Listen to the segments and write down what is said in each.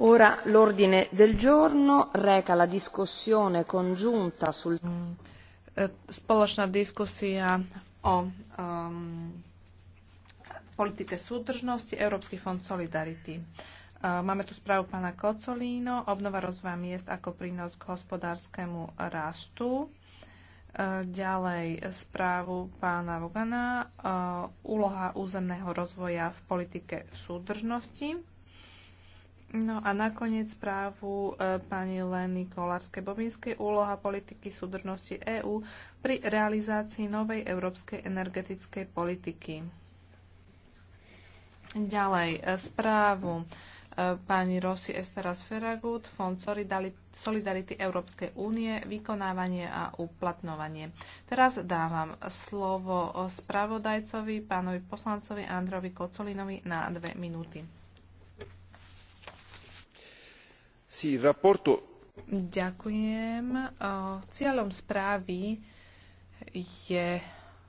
l'ordine del giorno mm, eh, Spoločná diskusia o um, politike súdržnosti, Európsky fond solidarity. Uh, máme tu správu pána Kocolíno, obnova rozvoja miest ako prínos k hospodárskému rastu. Uh, ďalej správu pána Vogana, uh, úloha územného rozvoja v politike súdržnosti No a nakoniec správu e, pani Leny Kolárskej-Bobinskej úloha politiky súdržnosti EÚ pri realizácii novej európskej energetickej politiky. Ďalej, e, správu e, pani Rosy Esteras Ferragut, Fond Solidarity Európskej únie, vykonávanie a uplatnovanie. Teraz dávam slovo spravodajcovi, pánovi poslancovi Androvi Kocolinovi na dve minúty. Si Ďakujem. Cieľom správy je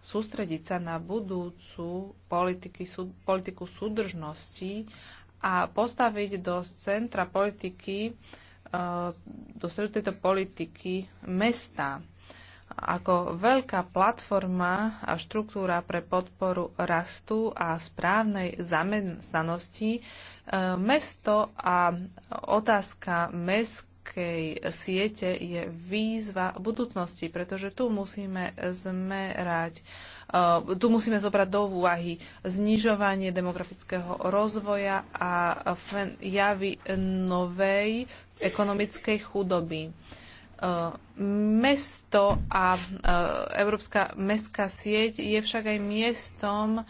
sústrediť sa na budúcu politiky, politiku súdržnosti a postaviť do centra politiky, do stredu tejto politiky mesta ako veľká platforma a štruktúra pre podporu rastu a správnej zamestnanosti, e, mesto a otázka mestskej siete je výzva budúcnosti, pretože tu musíme zmerať e, tu musíme zobrať do úvahy znižovanie demografického rozvoja a javy novej ekonomickej chudoby. E, mesto a e, Európska mestská sieť je však aj miestom e,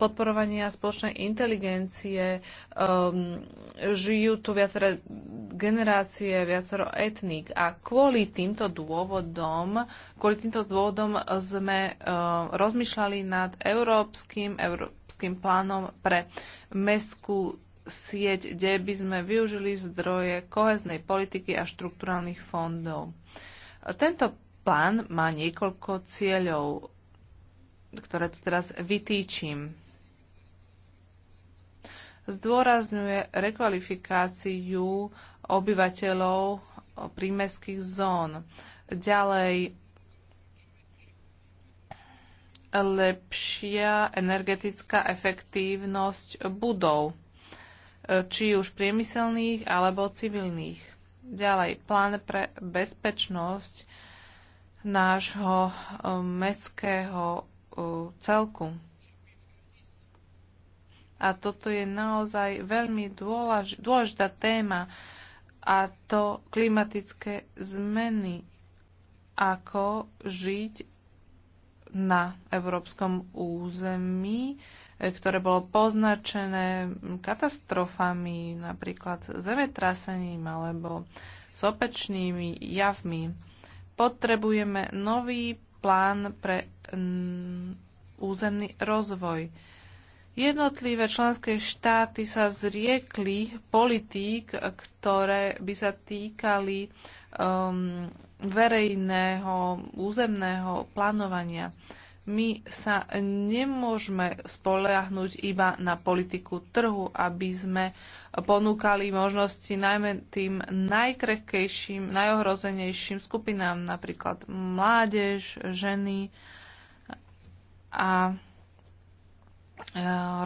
podporovania spoločnej inteligencie. Žijú tu viaceré generácie, viacero etník a kvôli týmto dôvodom, kvôli týmto dôvodom sme rozmýšľali nad európskym, európskym plánom pre mestskú sieť, kde by sme využili zdroje koheznej politiky a štrukturálnych fondov. Tento plán má niekoľko cieľov, ktoré tu teraz vytýčim. Zdôrazňuje rekvalifikáciu obyvateľov prímeských zón. Ďalej lepšia energetická efektívnosť budov či už priemyselných alebo civilných. Ďalej, plán pre bezpečnosť nášho eh, mestského eh, celku. A toto je naozaj veľmi dôležitá téma a to klimatické zmeny, ako žiť na európskom území, ktoré bolo poznačené katastrofami, napríklad zemetrasením alebo sopečnými javmi. Potrebujeme nový plán pre územný rozvoj. Jednotlivé členské štáty sa zriekli politík, ktoré by sa týkali um, verejného územného plánovania my sa nemôžeme spoliahnuť iba na politiku trhu, aby sme ponúkali možnosti najmä tým najkrehkejším, najohrozenejším skupinám, napríklad mládež, ženy a e,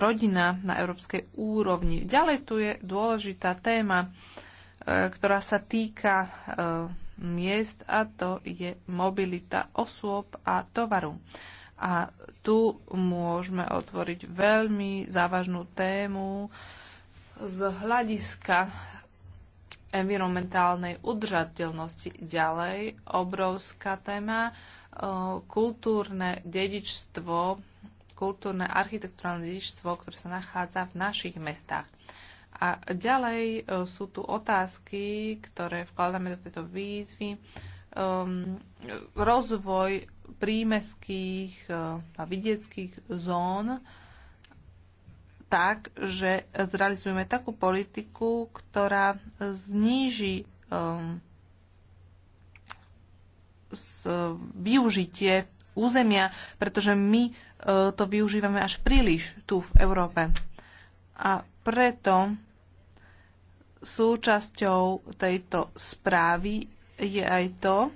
rodina na európskej úrovni. Ďalej tu je dôležitá téma, e, ktorá sa týka e, miest a to je mobilita osôb a tovaru. A tu môžeme otvoriť veľmi závažnú tému z hľadiska environmentálnej udržateľnosti. Ďalej obrovská téma e, kultúrne dedičstvo, kultúrne architektúrne dedičstvo, ktoré sa nachádza v našich mestách. A ďalej e, sú tu otázky, ktoré vkladáme do tejto výzvy. Um, rozvoj prímeských eh, a vidieckých zón tak, že zrealizujeme takú politiku, ktorá zníži um, s, využitie územia, pretože my uh, to využívame až príliš tu v Európe. A preto súčasťou tejto správy je aj to,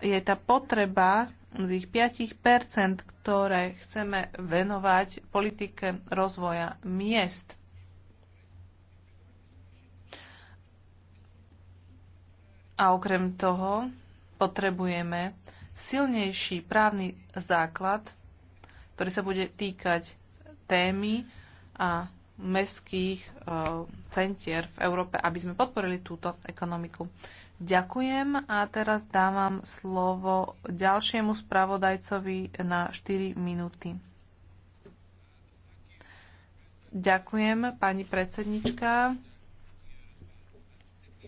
je tá potreba z ich 5%, ktoré chceme venovať politike rozvoja miest. A okrem toho potrebujeme silnejší právny základ, ktorý sa bude týkať témy a mestských eh, centier v Európe, aby sme podporili túto ekonomiku. Ďakujem a teraz dávam slovo ďalšiemu spravodajcovi na 4 minúty. Ďakujem, pani predsednička.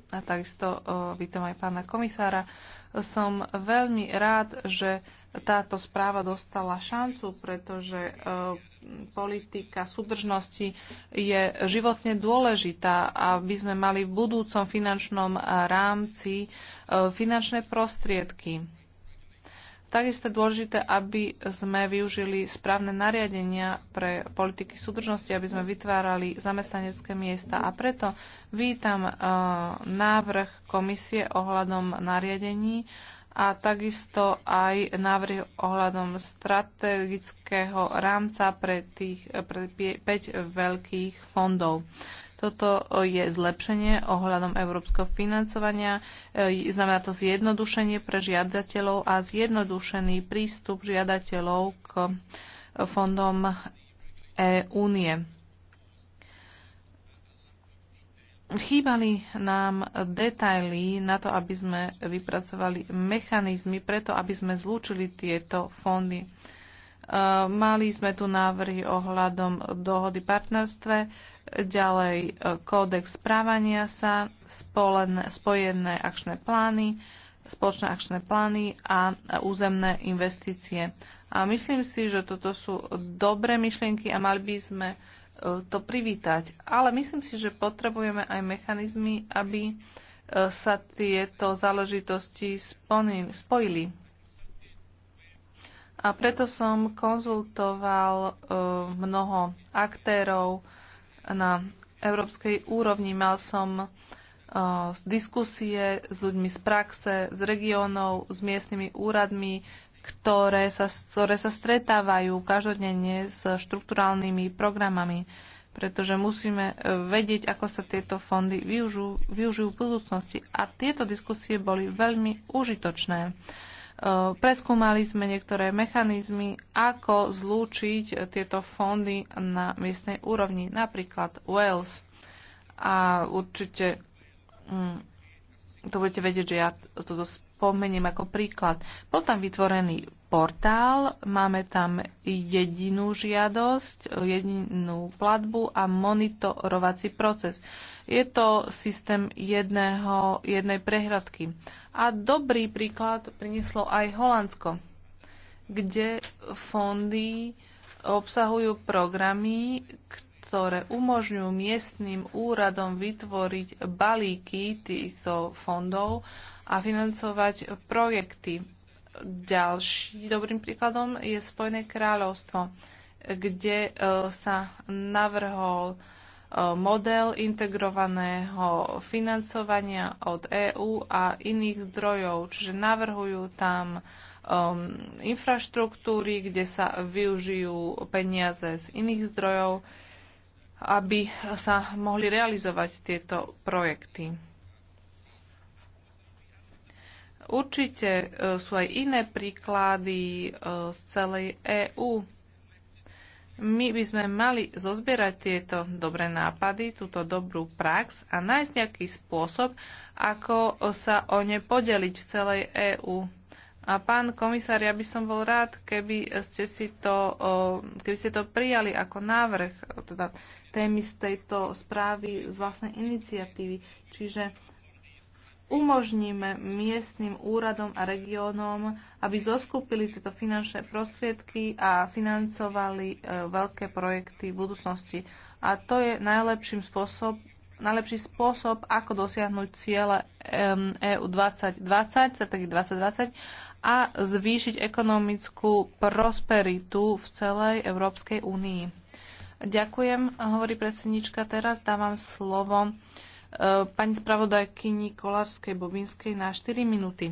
A takisto e, vítam aj pána komisára. Som veľmi rád, že táto správa dostala šancu, pretože e, politika súdržnosti je životne dôležitá, aby sme mali v budúcom finančnom e, rámci e, finančné prostriedky. Takisto je dôležité, aby sme využili správne nariadenia pre politiky súdržnosti, aby sme vytvárali zamestnanecké miesta. A preto vítam návrh komisie ohľadom nariadení a takisto aj návrh ohľadom strategického rámca pre tých 5 veľkých fondov. Toto je zlepšenie ohľadom európskeho financovania, e, znamená to zjednodušenie pre žiadateľov a zjednodušený prístup žiadateľov k fondom e únie. Chýbali nám detaily na to, aby sme vypracovali mechanizmy preto, aby sme zlúčili tieto fondy. E, mali sme tu návrhy ohľadom dohody partnerstve, ďalej e, kódex správania sa, spolené, spojené akčné plány, spoločné akčné plány a územné investície. A myslím si, že toto sú dobré myšlienky a mali by sme to privítať. Ale myslím si, že potrebujeme aj mechanizmy, aby e, sa tieto záležitosti spojili. A preto som konzultoval e, mnoho aktérov na európskej úrovni. Mal som e, diskusie s ľuďmi z praxe, z regiónov, s miestnymi úradmi, ktoré sa, ktoré sa stretávajú každodenne s štruktúrálnymi programami, pretože musíme e, vedieť, ako sa tieto fondy využijú, využijú v budúcnosti. A tieto diskusie boli veľmi užitočné. E, preskúmali sme niektoré mechanizmy, ako zlúčiť tieto fondy na miestnej úrovni, napríklad Wales. A určite mm, to budete vedieť, že ja to dosť spomeniem ako príklad. Bol tam vytvorený portál, máme tam jedinú žiadosť, jedinú platbu a monitorovací proces. Je to systém jedného, jednej prehradky. A dobrý príklad prinieslo aj Holandsko, kde fondy obsahujú programy, ktoré umožňujú miestnym úradom vytvoriť balíky týchto fondov a financovať projekty. Ďalší dobrým príkladom je Spojené kráľovstvo, kde e, sa navrhol e, model integrovaného financovania od EÚ a iných zdrojov, čiže navrhujú tam um, infraštruktúry, kde sa využijú peniaze z iných zdrojov, aby sa mohli realizovať tieto projekty. Určite e, sú aj iné príklady e, z celej EÚ. My by sme mali zozbierať tieto dobré nápady, túto dobrú prax a nájsť nejaký spôsob, ako sa o ne podeliť v celej EÚ. A pán komisár, ja by som bol rád, keby ste, si to, keby ste to prijali ako návrh, teda témy z tejto správy z vlastnej iniciatívy. Čiže umožníme miestnym úradom a regiónom, aby zoskúpili tieto finančné prostriedky a financovali e, veľké projekty v budúcnosti. A to je najlepším spôsob, najlepší spôsob, ako dosiahnuť ciele EU e 2020, strategie 2020 a zvýšiť ekonomickú prosperitu v celej Európskej únii. Ďakujem, hovorí predsednička. Teraz dávam slovo E, pani spravodajkyni Kolárskej Bobinskej na 4 minúty.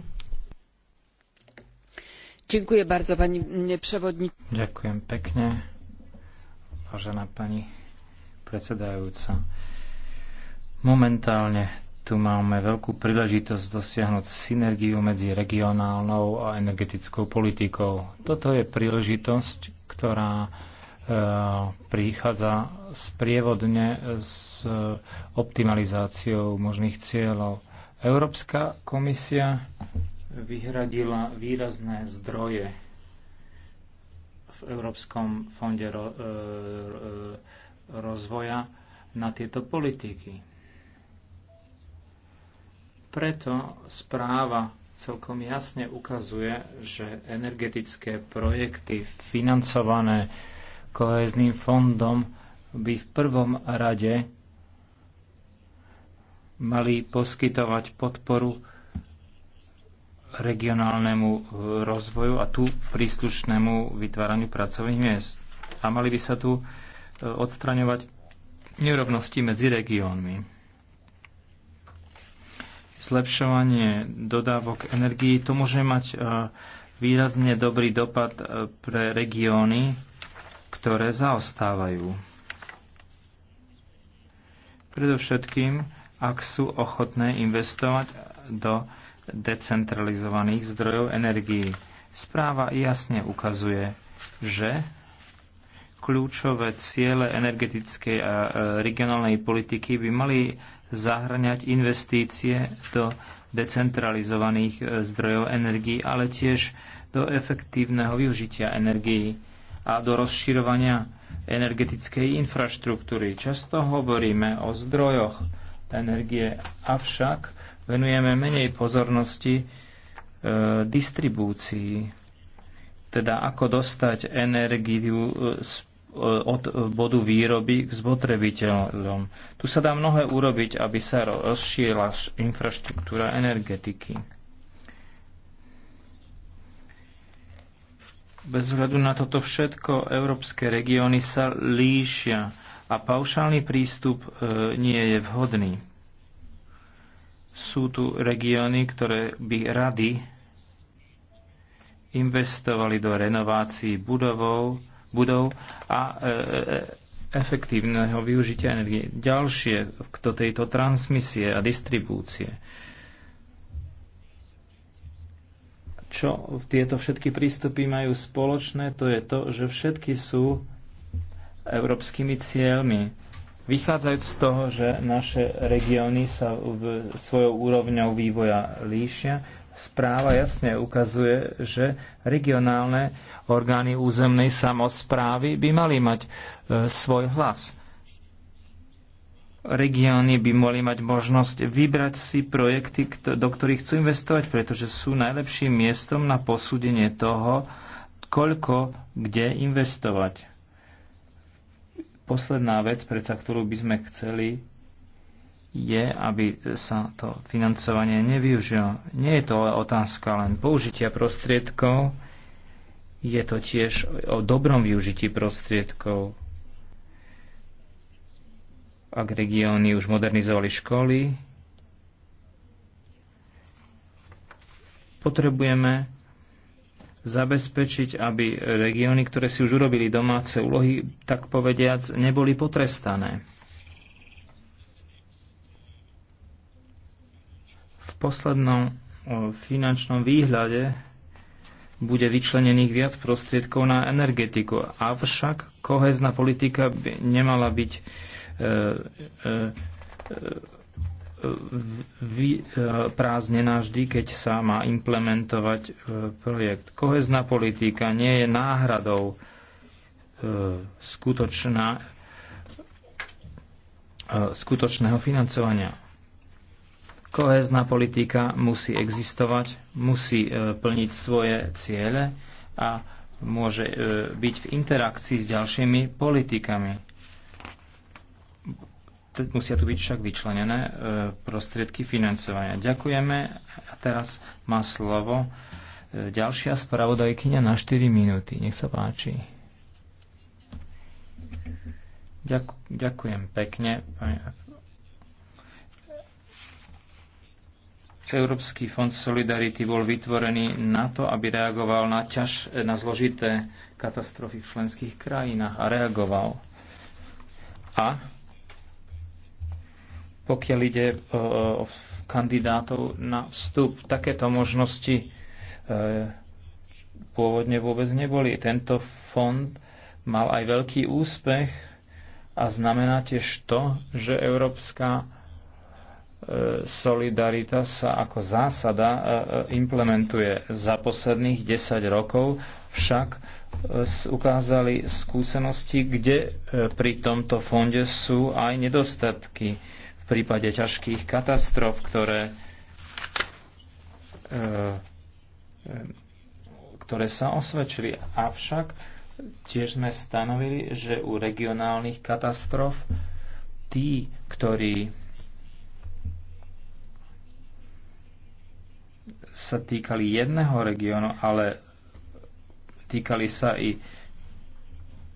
Ďakujem bardzo, pani prevodník. Ďakujem pekne, vážená pani predsedajúca. Momentálne tu máme veľkú príležitosť dosiahnuť synergiu medzi regionálnou a energetickou politikou. Toto je príležitosť, ktorá E, prichádza sprievodne s optimalizáciou možných cieľov. Európska komisia vyhradila výrazné zdroje v Európskom fonde e, e, rozvoja na tieto politiky. Preto správa celkom jasne ukazuje, že energetické projekty financované kohezným fondom by v prvom rade mali poskytovať podporu regionálnemu e, rozvoju a tu príslušnému vytváraniu pracovných miest. A mali by sa tu e, odstraňovať nerovnosti medzi regiónmi. Zlepšovanie dodávok energií to môže mať e, výrazne dobrý dopad pre regióny, ktoré zaostávajú. Predovšetkým, ak sú ochotné investovať do decentralizovaných zdrojov energií. Správa jasne ukazuje, že kľúčové ciele energetickej a e, regionálnej politiky by mali zahrňať investície do decentralizovaných e, zdrojov energií, ale tiež do efektívneho využitia energií a do rozširovania energetickej infraštruktúry. Často hovoríme o zdrojoch energie, avšak venujeme menej pozornosti e, distribúcii, teda ako dostať energiu e, z, e, od bodu výroby k spotrebiteľom. Tu sa dá mnohé urobiť, aby sa rozšírila infraštruktúra energetiky. Bez hľadu na toto všetko, európske regióny sa líšia a paušálny prístup e, nie je vhodný. Sú tu regióny, ktoré by rady investovali do renovácií budovou, budov a e, e, efektívneho využitia energie. Ďalšie do tejto transmisie a distribúcie. Čo tieto všetky prístupy majú spoločné, to je to, že všetky sú európskymi cieľmi. Vychádzajúc z toho, že naše regióny sa v svojou úrovňou vývoja líšia, správa jasne ukazuje, že regionálne orgány územnej samozprávy by mali mať e, svoj hlas regióny by mohli mať možnosť vybrať si projekty, do ktorých chcú investovať, pretože sú najlepším miestom na posúdenie toho, koľko kde investovať. Posledná vec, predsa ktorú by sme chceli, je, aby sa to financovanie nevyužilo. Nie je to otázka len použitia prostriedkov, je to tiež o dobrom využití prostriedkov ak regióny už modernizovali školy, potrebujeme zabezpečiť, aby regióny, ktoré si už urobili domáce úlohy, tak povediac, neboli potrestané. V poslednom finančnom výhľade bude vyčlenených viac prostriedkov na energetiku. Avšak kohezná politika by nemala byť e, e, e vy, e, prázdnená vždy, keď sa má implementovať e, projekt. Kohezná politika nie je náhradou e, skutočná, e, skutočného financovania Kohezná politika musí existovať, musí e, plniť svoje ciele a môže e, byť v interakcii s ďalšími politikami. Musia tu byť však vyčlenené e, prostriedky financovania. Ďakujeme a teraz má slovo ďalšia spravodajkyňa na 4 minúty. Nech sa páči. Ďakujem pekne, Európsky fond Solidarity bol vytvorený na to, aby reagoval na, ťaž, na zložité katastrofy v členských krajinách a reagoval. A pokiaľ ide o, e, e, o kandidátov na vstup, takéto možnosti e, pôvodne vôbec neboli. Tento fond mal aj veľký úspech a znamená tiež to, že Európska solidarita sa ako zásada e, e, implementuje. Za posledných 10 rokov však e, ukázali skúsenosti, kde pri tomto fonde sú aj nedostatky v prípade ťažkých katastrof, ktoré, ktoré sa osvedčili. Avšak tiež sme stanovili, že u regionálnych katastrof tí, ktorí sa týkali jedného regiónu, ale týkali sa i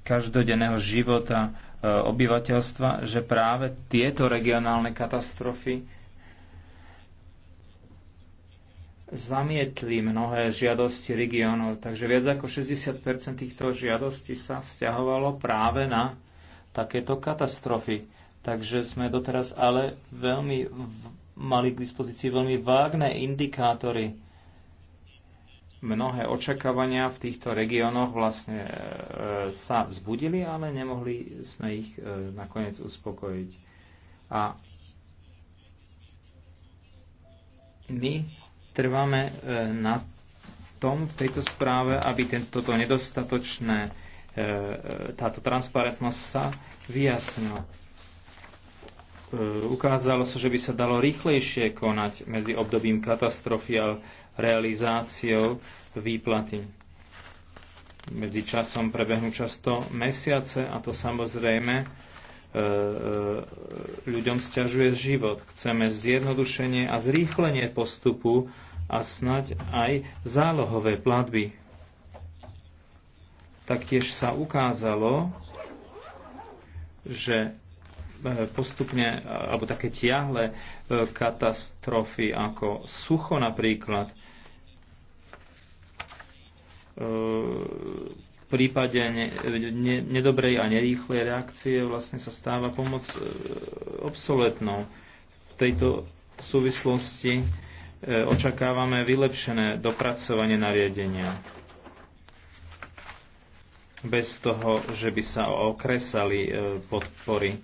každodenného života e, obyvateľstva, že práve tieto regionálne katastrofy zamietli mnohé žiadosti regiónov. Takže viac ako 60 týchto žiadostí sa vzťahovalo práve na takéto katastrofy. Takže sme doteraz ale veľmi mali k dispozícii veľmi vágne indikátory. Mnohé očakávania v týchto regiónoch vlastne e, sa vzbudili, ale nemohli sme ich e, nakoniec uspokojiť. A my trváme e, na tom v tejto správe, aby tento nedostatočné, táto transparentnosť sa vyjasnila E, ukázalo sa, že by sa dalo rýchlejšie konať medzi obdobím katastrofy a realizáciou výplaty. Medzi časom prebehnú často mesiace a to samozrejme e, e, ľuďom stiažuje život. Chceme zjednodušenie a zrýchlenie postupu a snať aj zálohové platby. Taktiež sa ukázalo, že postupne, e, alebo také tiahle e, katastrofy ako sucho napríklad, e, v prípade nedobrej a nerýchlej reakcie vlastne sa stáva pomoc obsoletnou. V tejto súvislosti očakávame vylepšené dopracovanie nariadenia bez toho, že by sa okresali podpory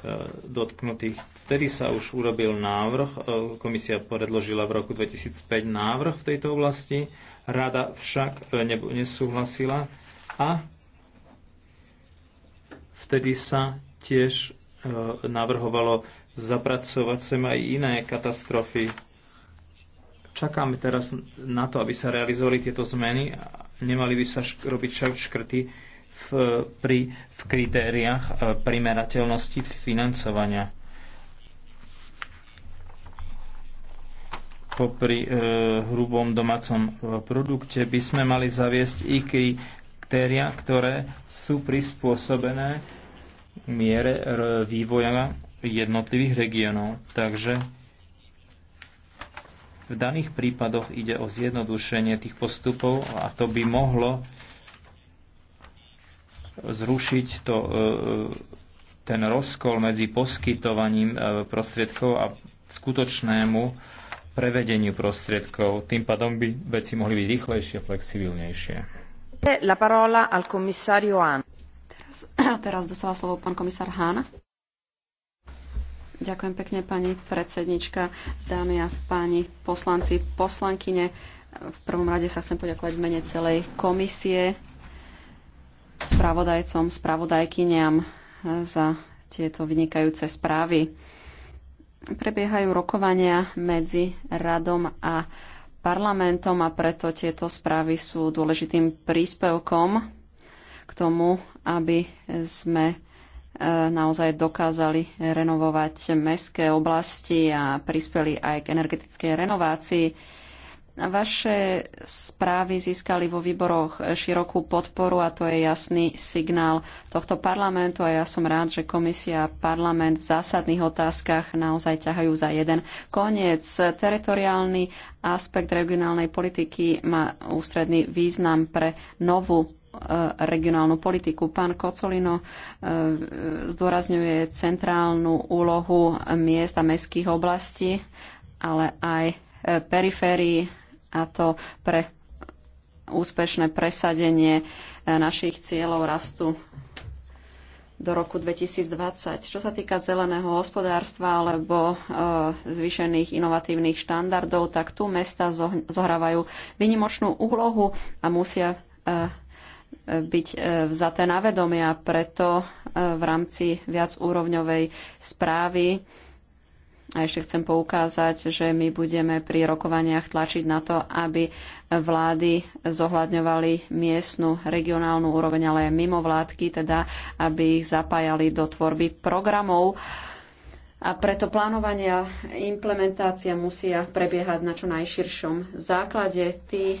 Eh, dotknutých. Vtedy sa už urobil návrh, eh, komisia predložila v roku 2005 návrh v tejto oblasti, rada však eh, nesúhlasila a vtedy sa tiež navrhovalo zapracovať sem aj iné katastrofy. Čakáme teraz na to, aby sa realizovali tieto zmeny. a Nemali by sa robiť škrty v, pri, v kritériách e, primerateľnosti financovania. Popri e, hrubom domácom e, produkte by sme mali zaviesť i kritéria, ktoré sú prispôsobené miere e, vývoja jednotlivých regiónov. Takže v daných prípadoch ide o zjednodušenie tých postupov a to by mohlo zrušiť to, e, e, ten rozkol medzi poskytovaním e, prostriedkov a skutočnému prevedeniu prostriedkov. Tým pádom by veci mohli byť rýchlejšie a flexibilnejšie. La parola al commissario Hahn. Teraz, teraz dostala slovo pán komisár Hahn. Ďakujem pekne, pani predsednička, dámy a páni poslanci, poslankyne. V prvom rade sa chcem poďakovať v mene celej komisie spravodajcom, spravodajkyniam e, za tieto vynikajúce správy. Prebiehajú rokovania medzi radom a parlamentom a preto tieto správy sú dôležitým príspevkom k tomu, aby sme e, naozaj dokázali renovovať mestské oblasti a prispeli aj k energetickej renovácii. Vaše správy získali vo výboroch širokú podporu a to je jasný signál tohto parlamentu a ja som rád, že komisia a parlament v zásadných otázkach naozaj ťahajú za jeden koniec. Teritoriálny aspekt regionálnej politiky má ústredný význam pre novú e, regionálnu politiku. Pán Kocolino e, zdôrazňuje centrálnu úlohu miest a mestských oblastí, ale aj e, periférii a to pre úspešné presadenie e, našich cieľov rastu do roku 2020. Čo sa týka zeleného hospodárstva alebo e, zvýšených inovatívnych štandardov, tak tu mesta zohrávajú vynimočnú úlohu a musia e, byť e, vzaté na vedomia. Preto e, v rámci viacúrovňovej správy e, a ešte chcem poukázať, že my budeme pri rokovaniach tlačiť na to, aby vlády zohľadňovali miestnu, regionálnu úroveň, ale aj mimo vládky, teda aby ich zapájali do tvorby programov. A preto plánovania a implementácia musia prebiehať na čo najširšom základe. Tí e,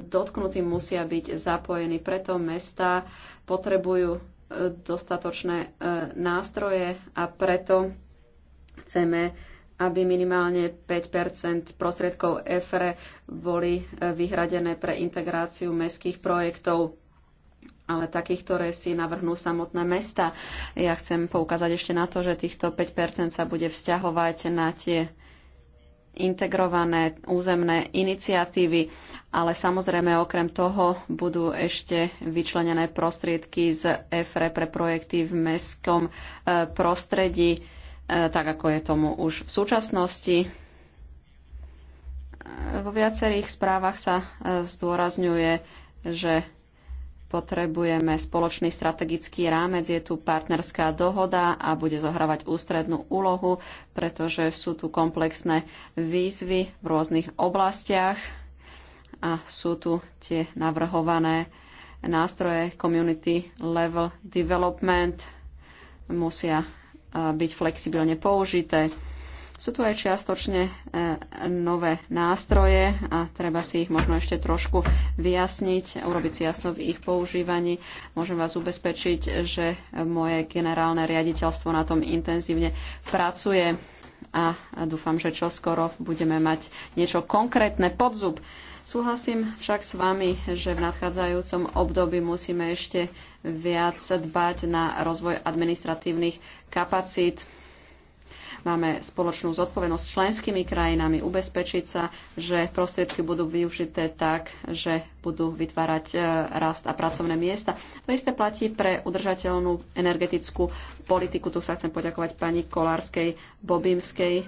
dotknutí musia byť zapojení, preto mesta potrebujú e, dostatočné e, nástroje a preto chceme aby minimálne 5 prostriedkov EFRE boli e, vyhradené pre integráciu mestských projektov ale takých, ktoré si navrhnú samotné mesta. Ja chcem poukázať ešte na to, že týchto 5% sa bude vzťahovať na tie integrované územné iniciatívy, ale samozrejme okrem toho budú ešte vyčlenené prostriedky z EFRE pre projekty v mestskom e, prostredí E, tak ako je tomu už v súčasnosti. E, vo viacerých správach sa e, zdôrazňuje, že potrebujeme spoločný strategický rámec, je tu partnerská dohoda a bude zohrávať ústrednú úlohu, pretože sú tu komplexné výzvy v rôznych oblastiach a sú tu tie navrhované nástroje Community Level Development musia byť flexibilne použité. Sú tu aj čiastočne e, nové nástroje a treba si ich možno ešte trošku vyjasniť, urobiť si jasno v ich používaní. Môžem vás ubezpečiť, že moje generálne riaditeľstvo na tom intenzívne pracuje a dúfam, že čoskoro budeme mať niečo konkrétne pod zub. Súhlasím však s vami, že v nadchádzajúcom období musíme ešte viac dbať na rozvoj administratívnych kapacít. Máme spoločnú zodpovednosť s členskými krajinami ubezpečiť sa, že prostriedky budú využité tak, že budú vytvárať e, rast a pracovné miesta. To isté platí pre udržateľnú energetickú politiku. Tu sa chcem poďakovať pani Kolárskej Bobimskej.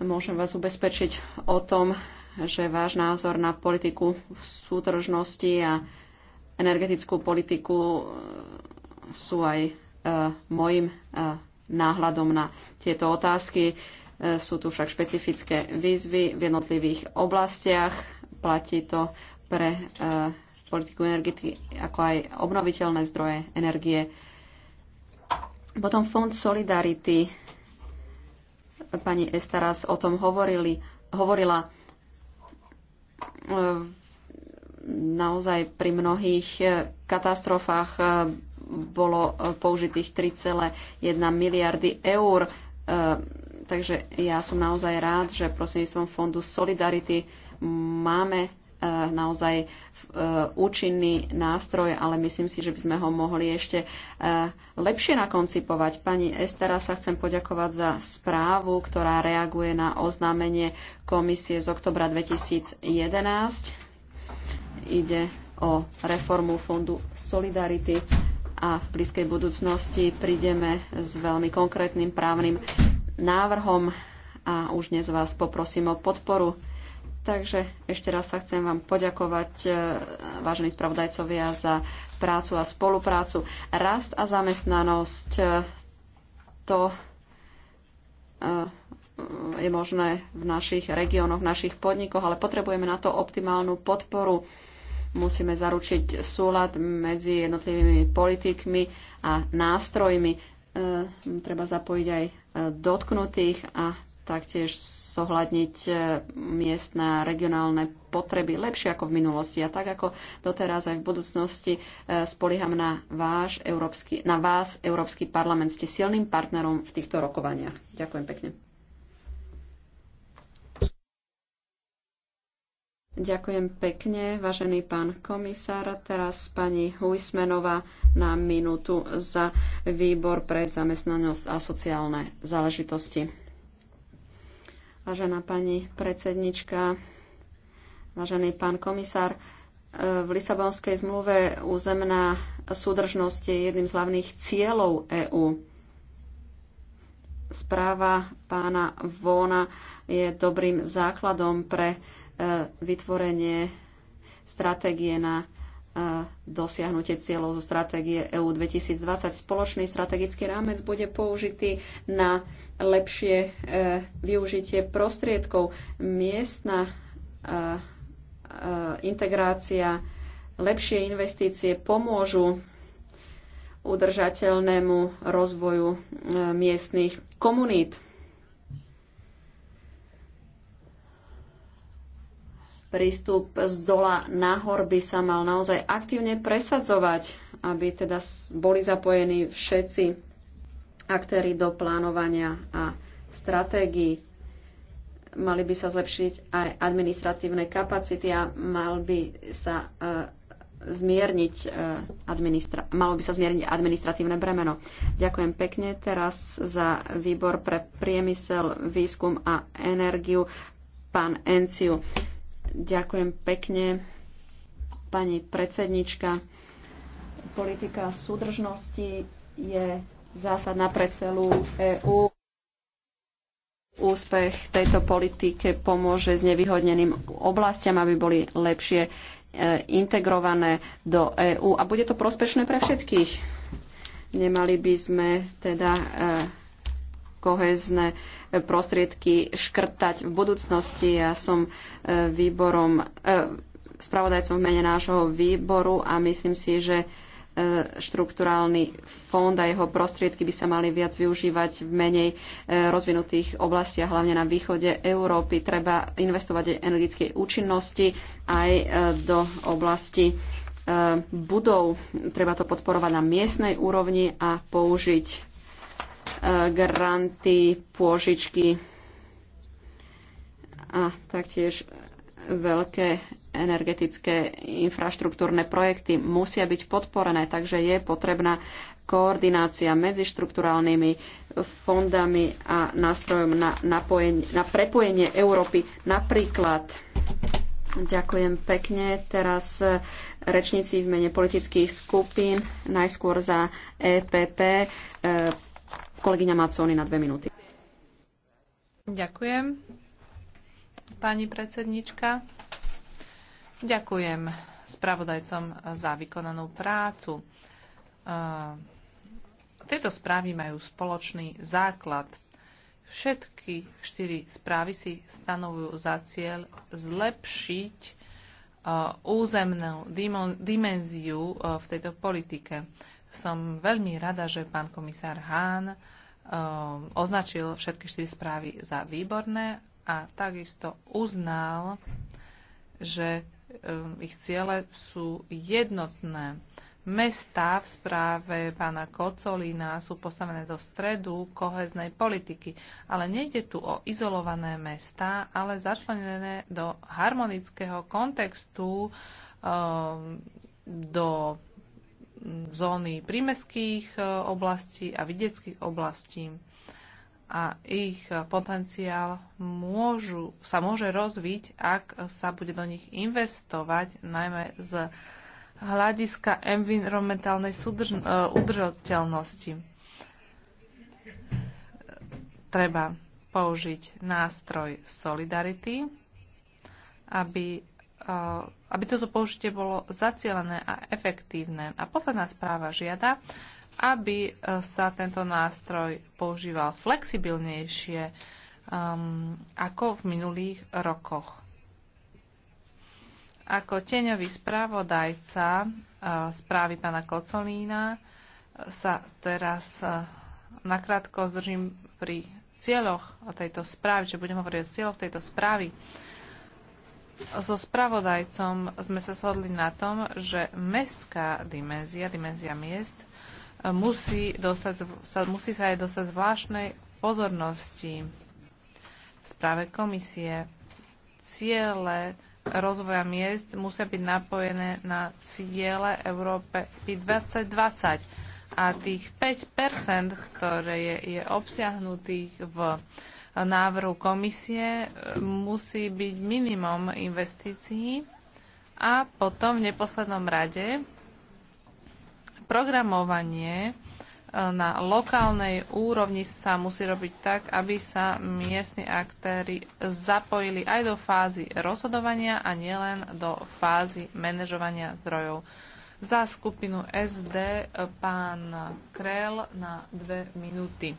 Môžem vás ubezpečiť o tom, že váš názor na politiku súdržnosti a energetickú politiku eh, sú aj eh, môjim eh, náhľadom na tieto otázky. Sú tu však špecifické výzvy v jednotlivých oblastiach. Platí to pre politiku energetiky, ako aj obnoviteľné zdroje energie. Potom Fond Solidarity. Pani Estaras o tom hovorili, hovorila naozaj pri mnohých e, katastrofách e, bolo e, použitých 3,1 miliardy eur. Takže ja som naozaj rád, že som Fondu Solidarity máme Eh, naozaj eh, účinný nástroj, ale myslím si, že by sme ho mohli ešte eh, lepšie nakoncipovať. Pani Estera sa chcem poďakovať za správu, ktorá reaguje na oznámenie komisie z oktobra 2011. Ide o reformu Fondu Solidarity a v blízkej budúcnosti prídeme s veľmi konkrétnym právnym návrhom a už dnes vás poprosím o podporu Takže ešte raz sa chcem vám poďakovať, e, vážení spravodajcovia, za prácu a spoluprácu. Rast a zamestnanosť e, to e, je možné v našich regiónoch, v našich podnikoch, ale potrebujeme na to optimálnu podporu. Musíme zaručiť súlad medzi jednotlivými politikmi a nástrojmi. Treba zapojiť aj dotknutých a taktiež zohľadniť e, miestne regionálne potreby lepšie ako v minulosti. A tak ako doteraz aj v budúcnosti e, spolíham na, váš Európsky, na vás, Európsky parlament. Ste silným partnerom v týchto rokovaniach. Ďakujem pekne. Ďakujem pekne, vážený pán komisár. Teraz pani Huismenová na minútu za výbor pre zamestnanosť a sociálne záležitosti. Vážená pani predsednička, vážený pán komisár, v Lisabonskej zmluve územná súdržnosť je jedným z hlavných cieľov EÚ. Správa pána Vona je dobrým základom pre e, vytvorenie stratégie na dosiahnutie cieľov zo stratégie EU 2020. Spoločný strategický rámec bude použitý na lepšie e, využitie prostriedkov. Miestna e, e, integrácia, lepšie investície pomôžu udržateľnému rozvoju miestnych komunít. prístup z dola nahor by sa mal naozaj aktívne presadzovať, aby teda boli zapojení všetci aktéry do plánovania a stratégií. Mali by sa zlepšiť aj administratívne kapacity a mal by sa eh, zmierniť, eh, administra- malo by sa zmierniť administratívne bremeno. Ďakujem pekne teraz za výbor pre priemysel, výskum a energiu, pán Enciu. Ďakujem pekne, pani predsednička. Politika súdržnosti je zásadná pre celú EÚ. Úspech tejto politike pomôže znevýhodneným oblastiam, aby boli lepšie e, integrované do EÚ a bude to prospešné pre všetkých. Nemali by sme teda e, kohezné prostriedky škrtať v budúcnosti. Ja som e, výborom, e, spravodajcom v mene nášho výboru a myslím si, že e, štrukturálny fond a jeho prostriedky by sa mali viac využívať v menej rozvinutých oblastiach, hlavne na východe Európy. Treba investovať do energetickej účinnosti aj do oblasti budov. Treba to podporovať na miestnej úrovni a použiť granty, pôžičky a taktiež veľké energetické infraštruktúrne projekty musia byť podporené, takže je potrebná koordinácia medzi štruktúrálnymi fondami a nástrojom na, napojenie, na prepojenie Európy. Napríklad, ďakujem pekne, teraz rečníci v mene politických skupín, najskôr za EPP, e, e Kolegyňa Macóny na dve minúty. Ďakujem. Pani predsednička, ďakujem spravodajcom za vykonanú prácu. E, tieto správy majú spoločný základ. Všetky štyri správy si stanovujú za cieľ zlepšiť e, územnú dimenziu e, v tejto politike. Som veľmi rada, že pán komisár Hahn eh, označil všetky štyri správy za výborné a takisto uznal, že eh, ich ciele sú jednotné. Mesta v správe pána Kocolína sú postavené do stredu koheznej politiky, ale nejde tu o izolované mesta, ale začlenené do harmonického kontextu, eh, do zóny prímeských e, oblastí a vidieckých oblastí a ich potenciál môžu, sa môže rozviť, ak sa bude do nich investovať, najmä z hľadiska environmentálnej súdrž- e, udržateľnosti. Treba použiť nástroj solidarity, aby aby toto použitie bolo zacielené a efektívne. A posledná správa žiada, aby e, sa tento nástroj používal flexibilnejšie um, ako v minulých rokoch. Ako tieňový správodajca uh, e, správy pána Kocolína e, sa teraz uh, nakrátko zdržím pri cieľoch tejto správy, čo budem hovoriť o cieľoch tejto správy. Uh, so spravodajcom sme sa shodli na tom, že mestská dimenzia, dimenzia miest, e, musí, dostať, sa, musí sa aj dostať zvláštnej pozornosti v správe komisie. Ciele rozvoja miest musia byť napojené na ciele Európy 2020 a tých 5 ktoré je, je obsiahnutých v návrhu komisie e, musí byť minimum investícií a potom v neposlednom rade programovanie e, na lokálnej úrovni sa musí robiť tak, aby sa miestni aktéry zapojili aj do fázy rozhodovania a nielen do fázy manažovania zdrojov. Za skupinu SD e, pán Krel na dve minúty.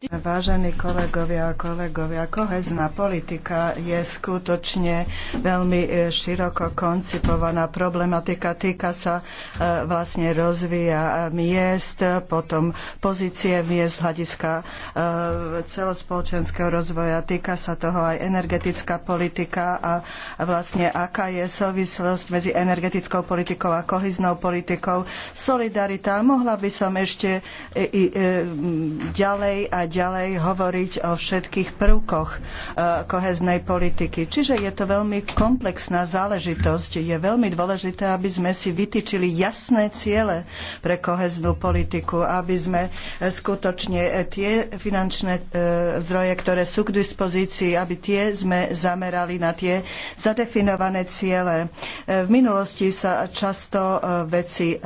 Vážení kolegovia a kolegovia, kohezná politika je skutočne veľmi e, široko koncipovaná problematika. Týka sa e, vlastne rozvíja miest, potom pozície miest z hľadiska e, celospoločenského rozvoja. Týka sa toho aj energetická politika a vlastne aká je súvislosť medzi energetickou politikou a koheznou politikou. Solidarita, mohla by som ešte i, i, ďalej a ďalej hovoriť o všetkých prvkoch e, koheznej politiky. Čiže je to veľmi komplexná záležitosť. Je veľmi dôležité, aby sme si vytýčili jasné ciele pre koheznú politiku, aby sme skutočne tie finančné e, zdroje, ktoré sú k dispozícii, aby tie sme zamerali na tie zadefinované ciele. E, v minulosti sa často veci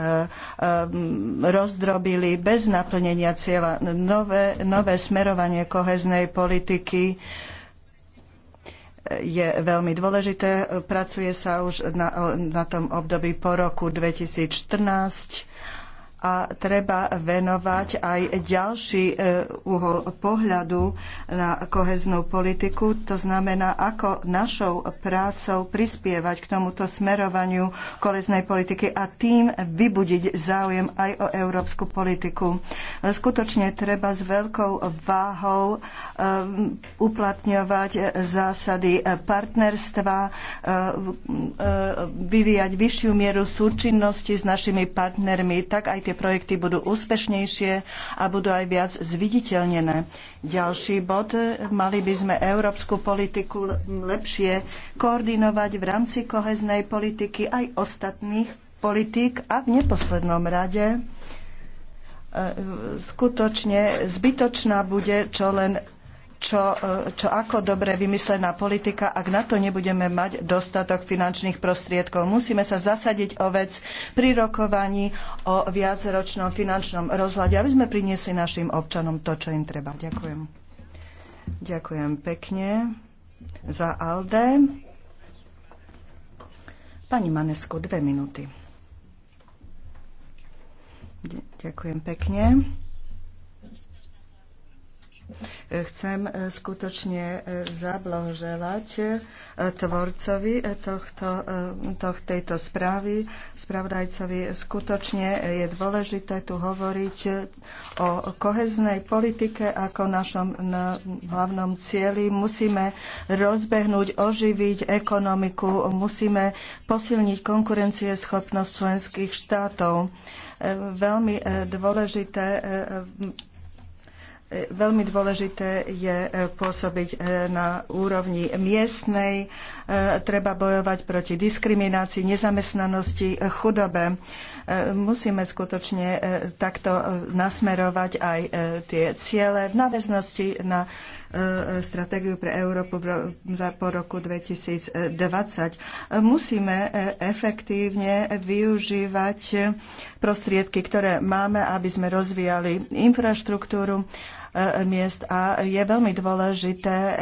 rozdrobili bez naplnenia cieľa. Nové, nové práve smerovanie koheznej politiky je veľmi dôležité. Pracuje sa už na, na tom období po roku 2014 a treba venovať aj ďalší e, uhol pohľadu na koheznú politiku, to znamená, ako našou prácou prispievať k tomuto smerovaniu koheznej politiky a tým vybudiť záujem aj o európsku politiku. E, skutočne treba s veľkou váhou e, uplatňovať zásady partnerstva, vyvíjať vyššiu mieru súčinnosti s našimi partnermi, tak aj tie tie projekty budú úspešnejšie a budú aj viac zviditeľnené. Ďalší bod, mali by sme európsku politiku lepšie koordinovať v rámci koheznej politiky aj ostatných politík a v neposlednom rade e, skutočne zbytočná bude čo len čo, e, čo ako dobre vymyslená politika, ak na to nebudeme mať dostatok finančných prostriedkov. Musíme sa zasadiť o vec pri rokovaní o viacročnom finančnom rozhľade, aby sme priniesli našim občanom to, čo im treba. Ďakujem. Ďakujem pekne za Alde. Pani Manesko, dve minúty. Ďakujem pekne. Chcem e, skutočne e, zablahoželať e, tvorcovi tohto, toh, tejto správy, spravodajcovi. Skutočne je dôležité tu hovoriť o koheznej politike ako našom na hlavnom cieli. Musíme rozbehnúť, oživiť ekonomiku, musíme posilniť konkurencieschopnosť členských štátov. Veľmi dôležité Veľmi dôležité je e, pôsobiť e, na úrovni miestnej, e, treba bojovať proti diskriminácii, nezamestnanosti, chudobe. Musíme skutočne takto nasmerovať aj tie ciele v náväznosti na stratégiu pre Európu po roku 2020. Musíme efektívne využívať prostriedky, ktoré máme, aby sme rozvíjali infraštruktúru E, miest a je veľmi dôležité e,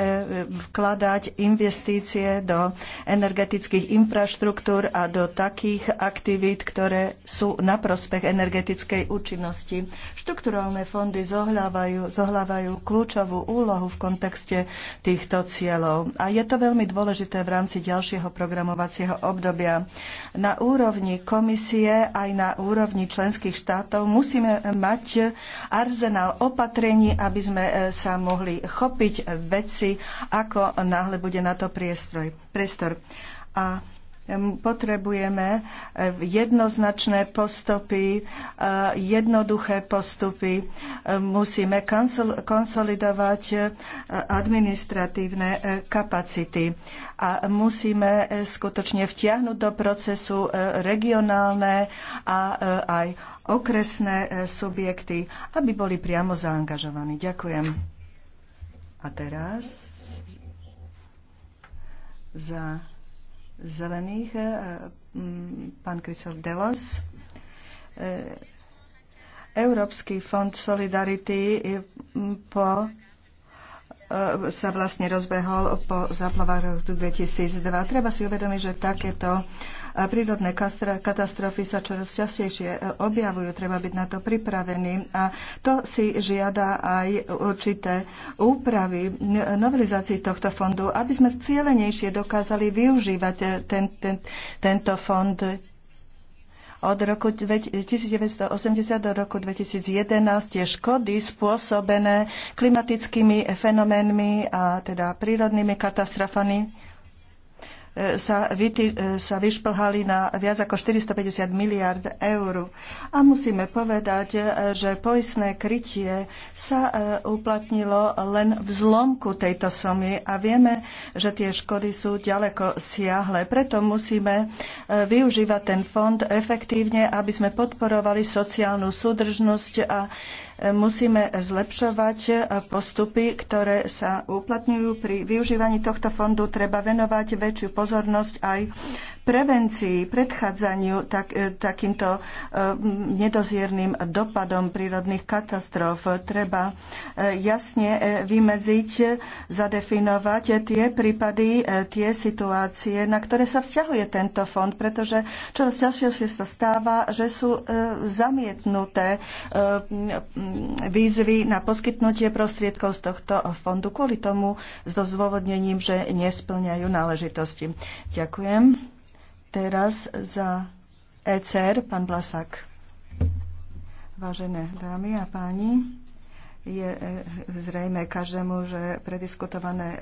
vkladať investície do energetických infraštruktúr a do takých aktivít, ktoré sú na prospech energetickej účinnosti. Štrukturálne fondy zohľavajú, zohľavajú kľúčovú úlohu v kontexte týchto cieľov a je to veľmi dôležité v rámci ďalšieho programovacieho obdobia. Na úrovni komisie aj na úrovni členských štátov musíme mať arzenál opatrení aby sme e, sa mohli chopiť veci, ako náhle bude na to priestor. A potrebujeme eh, jednoznačné postupy, eh, jednoduché postupy. Musíme konsolidovať eh, administratívne kapacity a musíme skutočne vtiahnuť do procesu regionálne a aj okresné subjekty, aby boli priamo zaangažovaní. Ďakujem. A teraz za zelených, e, mm, pán Krysel Delos. E, Európsky fond Solidarity e, po sa vlastne rozbehol po zaplavách roku 2002. Treba si uvedomiť, že takéto a prírodné katastrofy sa čoraz častejšie e, objavujú, treba byť na to pripravený a to si žiada aj určité úpravy novelizácii tohto fondu, aby sme cieľenejšie dokázali využívať e, ten, ten, tento fond od roku 1980 do roku 2011 tie škody spôsobené klimatickými fenoménmi a teda prírodnými katastrofami sa, vytý, e, sa vyšplhali na viac ako 450 miliard eur. A musíme povedať, e, že poistné krytie sa e, uplatnilo len v zlomku tejto somy a vieme, že tie škody sú ďaleko siahle. Preto musíme využívať ten fond efektívne, aby sme podporovali sociálnu súdržnosť a Musíme zlepšovať postupy, ktoré sa uplatňujú pri využívaní tohto fondu. Treba venovať väčšiu pozornosť aj prevencii, predchádzaniu tak, e, takýmto e, nedozierným dopadom prírodných katastrof. Treba e, jasne vymedziť, zadefinovať tie prípady, tie situácie, na ktoré sa vzťahuje tento fond, pretože čoraz ťažšie sa stáva, že sú zamietnuté výzvy na poskytnutie prostriedkov z tohto fondu kvôli tomu so dozvodnením, že nesplňajú náležitosti. Ďakujem. Teraz za ECR pán Blasak. Vážené dámy a páni, je e, zrejme každému, že prediskutované e,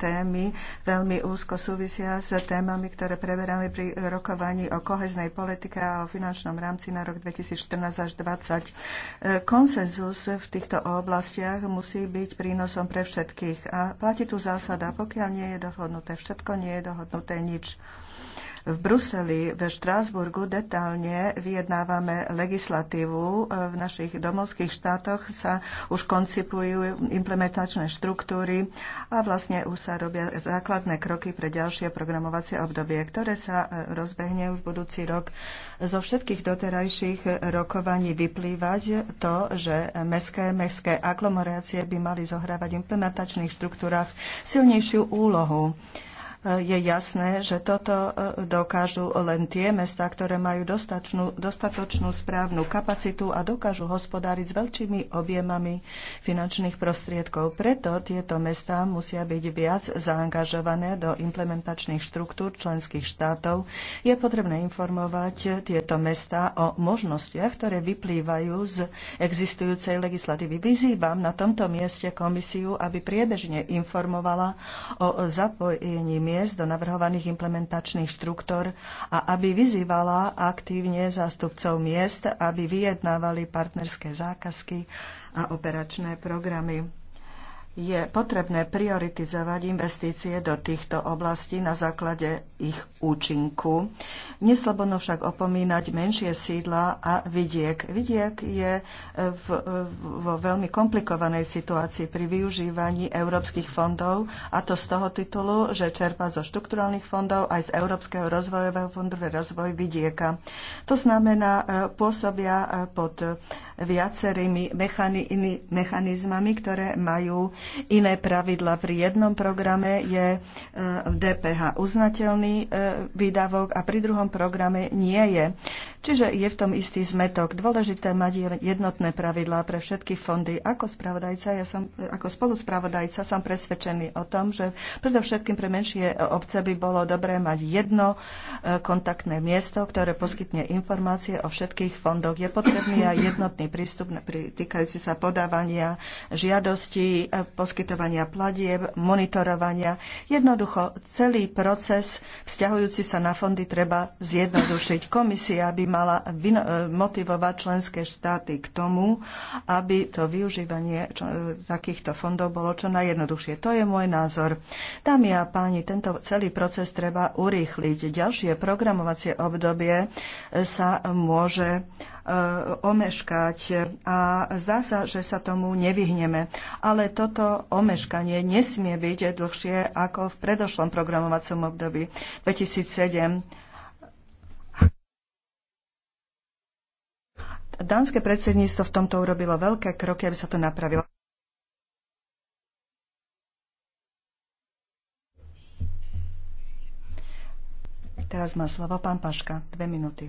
témy veľmi úzko súvisia s témami, ktoré preberáme pri rokovaní o koheznej politike a o finančnom rámci na rok 2014 až 2020. E, konsenzus v týchto oblastiach musí byť prínosom pre všetkých. A platí tu zásada, pokiaľ nie je dohodnuté všetko, nie je dohodnuté nič. V Bruseli, v Štrásburgu detálne vyjednávame legislatívu. V našich domovských štátoch sa už koncipujú implementačné štruktúry a vlastne už sa robia základné kroky pre ďalšie programovacie obdobie, ktoré sa e, rozbehne už budúci rok. Zo všetkých doterajších rokovaní vyplývať to, že mestské, mestské aglomerácie by mali zohrávať v implementačných štruktúrach silnejšiu úlohu je jasné, že toto e, dokážu len tie mestá, ktoré majú dostačnú, dostatočnú správnu kapacitu a dokážu hospodáriť s veľkými objemami finančných prostriedkov. Preto tieto mestá musia byť viac zaangažované do implementačných štruktúr členských štátov. Je potrebné informovať tieto mestá o možnostiach, ktoré vyplývajú z existujúcej legislatívy. Vyzývam na tomto mieste komisiu, aby priebežne informovala o zapojení miest vniesť do navrhovaných implementačných štruktúr a aby vyzývala aktívne zástupcov miest, aby vyjednávali partnerské zákazky a operačné programy je potrebné prioritizovať investície do týchto oblastí na základe ich účinku. Neslobodno však opomínať menšie sídla a vidiek. Vidiek je e, e, v, vo veľmi komplikovanej situácii pri využívaní európskych fondov a to z toho titulu, že čerpa zo štrukturálnych fondov aj z Európskeho rozvojového fondu pre rozvoj vidieka. To znamená, e, pôsobia pod viacerými mechanizmami, ktoré majú iné pravidla. Pri jednom programe je e, DPH uznateľný e, výdavok a pri druhom programe nie je. Čiže je v tom istý zmetok. Dôležité mať jednotné pravidlá pre všetky fondy. Ako, spravodajca, ja som, e, ako spoluspravodajca som presvedčený o tom, že predovšetkým pre menšie obce by bolo dobré mať jedno kontaktné miesto, ktoré poskytne informácie o všetkých fondoch. Je potrebný aj jednotný prístup týkajúci sa podávania žiadostí poskytovania platieb, monitorovania. Jednoducho celý proces vzťahujúci sa na fondy treba zjednodušiť. Komisia by mala e, motivovať členské štáty k tomu, aby to využívanie takýchto fondov bolo čo najjednoduchšie. To je môj názor. Dámy a páni, tento celý proces treba urýchliť. Ďalšie programovacie obdobie sa môže E, omeškať a zdá sa, že sa tomu nevyhneme. Ale toto omeškanie nesmie byť dlhšie ako v predošlom programovacom období 2007. Dánske predsedníctvo v tomto urobilo veľké kroky, aby sa to napravilo. Teraz má slovo pán Paška. Dve minúty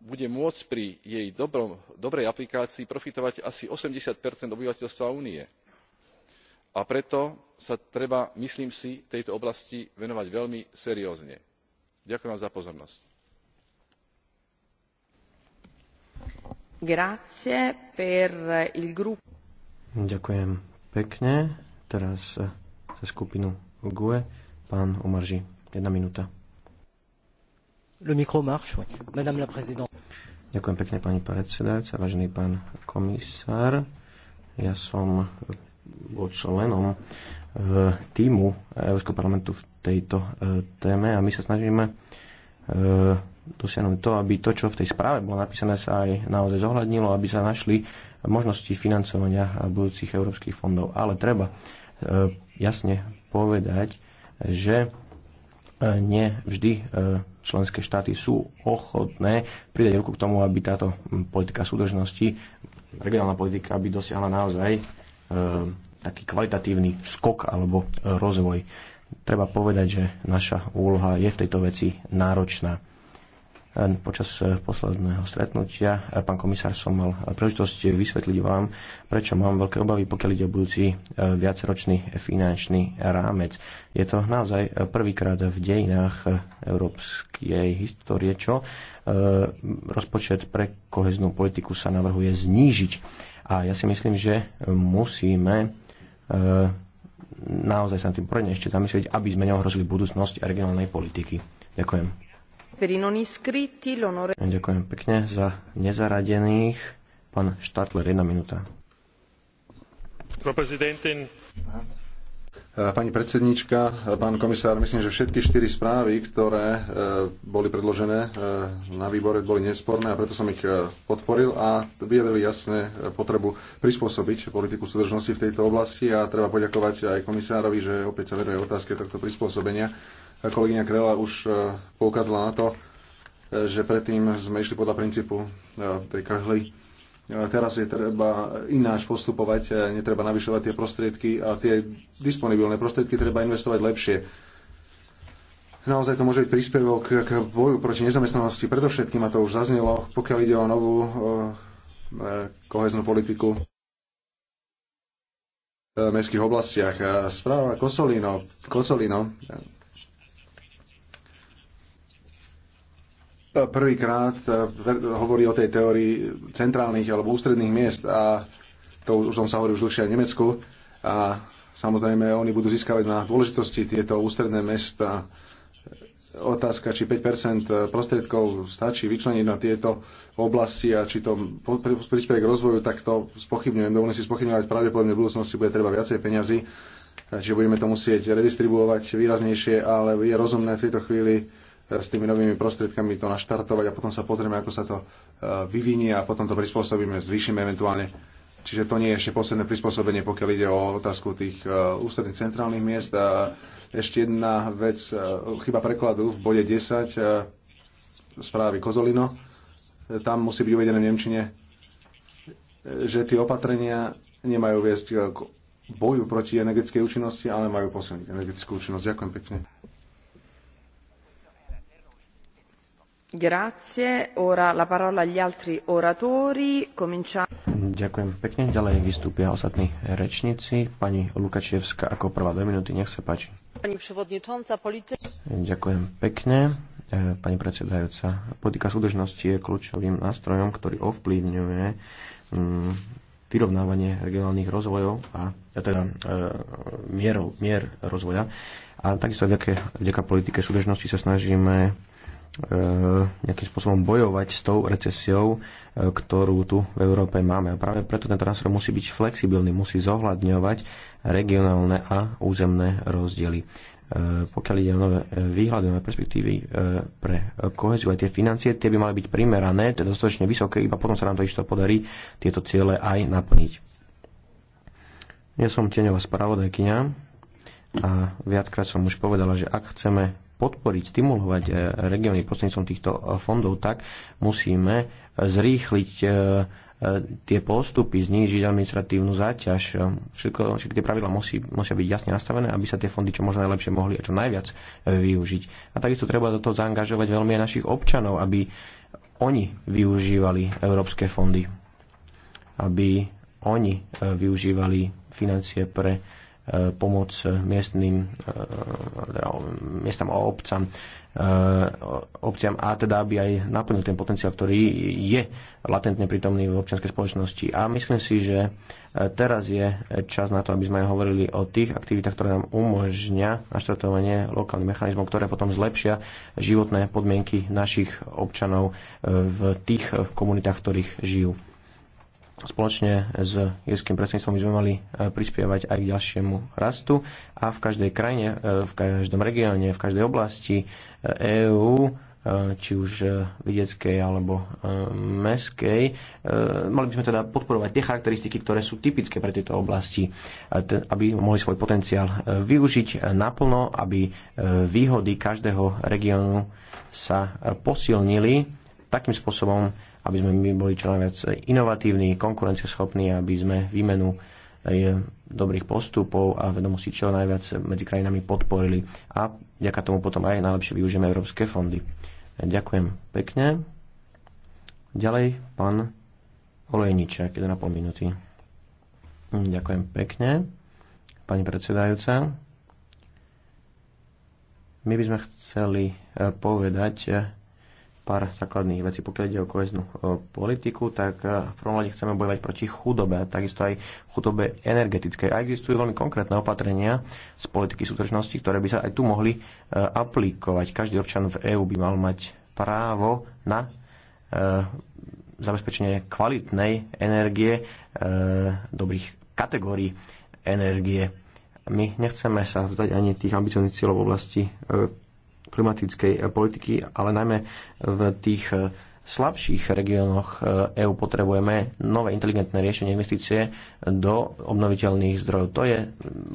bude môcť pri jej dobrej aplikácii profitovať asi eighty obyvateľstva únie a preto sa treba myslím si tejto oblasti venovať veľmi seriózne. ďakujem vám za pozornosť. Ďakujem pekne. Teraz za skupinu GUE pán Omarži. Jedna minúta. Marche, Ďakujem pekne, pani predsedajúca, vážený pán komisár. Ja som eh, bol členom eh, týmu Európskeho parlamentu v tejto eh, téme a my sa snažíme dosiahnuť to, aby to, čo v tej správe bolo napísané, sa aj naozaj zohľadnilo, aby sa našli možnosti financovania budúcich európskych fondov. Ale treba jasne povedať, že E, nie vždy e, členské štáty sú ochotné pridať ruku k tomu, aby táto politika súdržnosti, regionálna politika, aby dosiahla naozaj e, taký kvalitatívny skok alebo rozvoj. Treba povedať, že naša úloha je v tejto veci náročná. Počas eh, posledného stretnutia, eh, pán komisár, som mal príležitosť vysvetliť vám, prečo mám veľké obavy, pokiaľ ide o budúci eh, viacročný finančný rámec. Je to naozaj prvýkrát v dejinách európskej histórie, čo rozpočet pre koheznú politiku sa navrhuje znížiť. A ja si myslím, že musíme naozaj sa na tým poradne ešte zamyslieť, aby sme neohrozili budúcnosť regionálnej politiky. Ďakujem. Ďakujem pekne za nezaradených. Pán Štartler, jedna minúta. Eh, pani predsednička, eh, pán komisár, myslím, že všetky štyri správy, ktoré eh, boli predložené na výbore, boli nesporné a preto som ich podporil a vyjadrili jasne potrebu prispôsobiť politiku súdržnosti v tejto oblasti a treba poďakovať aj komisárovi, že opäť sa veruje otázke tohto prispôsobenia Kolegyňa Krela už e, poukázala na to, e, že predtým sme išli podľa princípu e, tej krhly. Teraz je treba ináč postupovať, netreba navyšovať tie prostriedky a tie disponibilné prostriedky treba investovať lepšie. Naozaj to môže byť príspevok k boju proti nezamestnanosti. Predovšetkým, a to už zaznelo, pokiaľ ide o novú koheznú politiku v mestských oblastiach. Správa Kosolino, Kosolino prvýkrát e, hovorí o tej teórii centrálnych alebo ústredných miest a to už som sa hovoril už dlhšie aj v Nemecku a samozrejme oni budú získavať na dôležitosti tieto ústredné mesta. Otázka, či 5% prostriedkov stačí vyčleniť na tieto oblasti a či to prispieje k rozvoju, tak to spochybňujem. Dovolím si spochybňovať, pravdepodobne v budúcnosti bude treba viacej peňazí, čiže budeme to musieť redistribuovať výraznejšie, ale je rozumné v tejto chvíli s tými novými prostriedkami to naštartovať a potom sa pozrieme, ako sa to e, vyvinie a potom to prispôsobíme, zvýšime eventuálne. Čiže to nie je ešte posledné prispôsobenie, pokiaľ ide o otázku tých e, ústredných centrálnych miest. A ešte jedna vec, e, chyba prekladu v bode 10 správy Kozolino. Tam musí byť uvedené v Nemčine, že tie opatrenia nemajú viesť k boju proti energetickej účinnosti, ale majú posilniť energetickú účinnosť. Ďakujem pekne. Ďakujem pekne. Ďalej vystúpia ostatní rečníci. Pani Lukačievska ako prvá dve minúty. Nech sa páči. Pani politi... Ďakujem pekne. E, pani predsedajúca, politika súdržnosti je kľúčovým nástrojom, ktorý ovplyvňuje mm, vyrovnávanie regionálnych rozvojov a teda e, mierov, mier rozvoja. A takisto vďaka, vďaka politike súdržnosti sa snažíme Eh, nejakým spôsobom bojovať s tou recesiou, eh, ktorú tu v Európe máme. A práve preto ten transfer musí byť flexibilný, musí zohľadňovať regionálne a územné rozdiely. Eh, pokiaľ ide o nové výhľady, nové perspektívy pre koheziu aj tie financie, tie by mali byť primerané, to teda je dostatočne vysoké, iba potom sa nám to isto podarí tieto ciele aj naplniť. Ja som tieňová spravodajkyňa a viackrát som už povedala, že ak chceme podporiť, stimulovať e, regióny prostredníctvom týchto e, fondov, tak musíme e, zrýchliť tie postupy, znížiť administratívnu záťaž. Všetko, všetky tie pravidla musí, musia byť jasne nastavené, aby sa tie fondy čo možno najlepšie mohli a čo najviac využiť. A takisto treba do toho zaangažovať veľmi aj našich občanov, aby oni využívali európske fondy, aby oni využívali financie pre pomoc miestnym e, teda miestam a obcam e, obciam a teda aby aj naplnil ten potenciál, ktorý je latentne prítomný v občianskej spoločnosti. A myslím si, že e, teraz je čas na to, aby sme aj hovorili o tých aktivitách, ktoré nám umožňa naštartovanie lokálnych mechanizmov, ktoré potom zlepšia životné podmienky našich občanov v tých komunitách, v ktorých žijú spoločne s jeským predsedníctvom by sme mali e, prispievať aj k ďalšiemu rastu a v každej krajine, e, v každom regióne, v každej oblasti EÚ e či už vidieckej alebo meskej. Mali by sme teda podporovať tie charakteristiky, ktoré sú typické pre tieto oblasti, aby mohli svoj potenciál využiť naplno, aby výhody každého regiónu sa posilnili takým spôsobom, aby sme my boli čo najviac inovatívni, konkurencieschopní, aby sme výmenu eh, dobrých postupov a vedomostí čo najviac medzi krajinami podporili a ďaká tomu potom aj najlepšie využijeme európske fondy. Ďakujem pekne. Ďalej pán Olejničak, 1,5 minúty. Ďakujem pekne. Pani predsedajúca, my by sme chceli eh, povedať eh, pár základných vecí. Pokiaľ ide o koheznú e, politiku, tak e, v prvom rade chceme bojovať proti chudobe, takisto aj chudobe energetickej. A existujú veľmi konkrétne opatrenia z politiky súdržnosti, ktoré by sa aj tu mohli e, aplikovať. Každý občan v EÚ by mal mať právo na zabezpečenie kvalitnej energie, dobrých kategórií energie. My nechceme sa vzdať ani tých ambiciozných cieľov v oblasti klimatickej politiky, ale najmä v tých eh, slabších regiónoch eh, EÚ potrebujeme nové inteligentné riešenie investície do obnoviteľných zdrojov. To je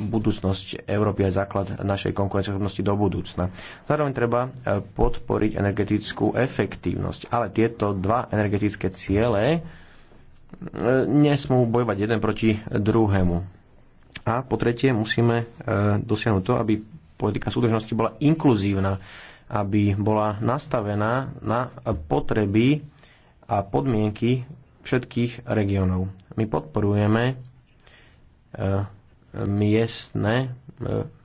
budúcnosť Európy a základ našej konkurenceschopnosti do budúcna. Zároveň treba eh, podporiť energetickú efektívnosť, ale tieto dva energetické ciele nesmú bojovať jeden proti druhému. A po tretie musíme dosiahnuť to, aby politika súdržnosti bola inkluzívna, aby bola nastavená na potreby a podmienky všetkých regiónov. My podporujeme eh, miestne e,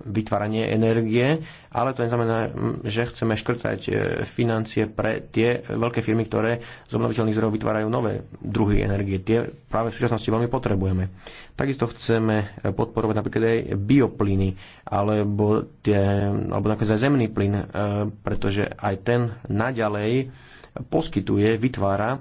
vytváranie energie, ale to neznamená, že chceme škrtať e, financie pre tie veľké firmy, ktoré z obnoviteľných zdrojov vytvárajú nové druhy energie. Tie práve v súčasnosti veľmi potrebujeme. Takisto chceme podporovať napríklad aj bioplyny alebo, tie, alebo napríklad aj zemný plyn, e, pretože aj ten naďalej poskytuje, vytvára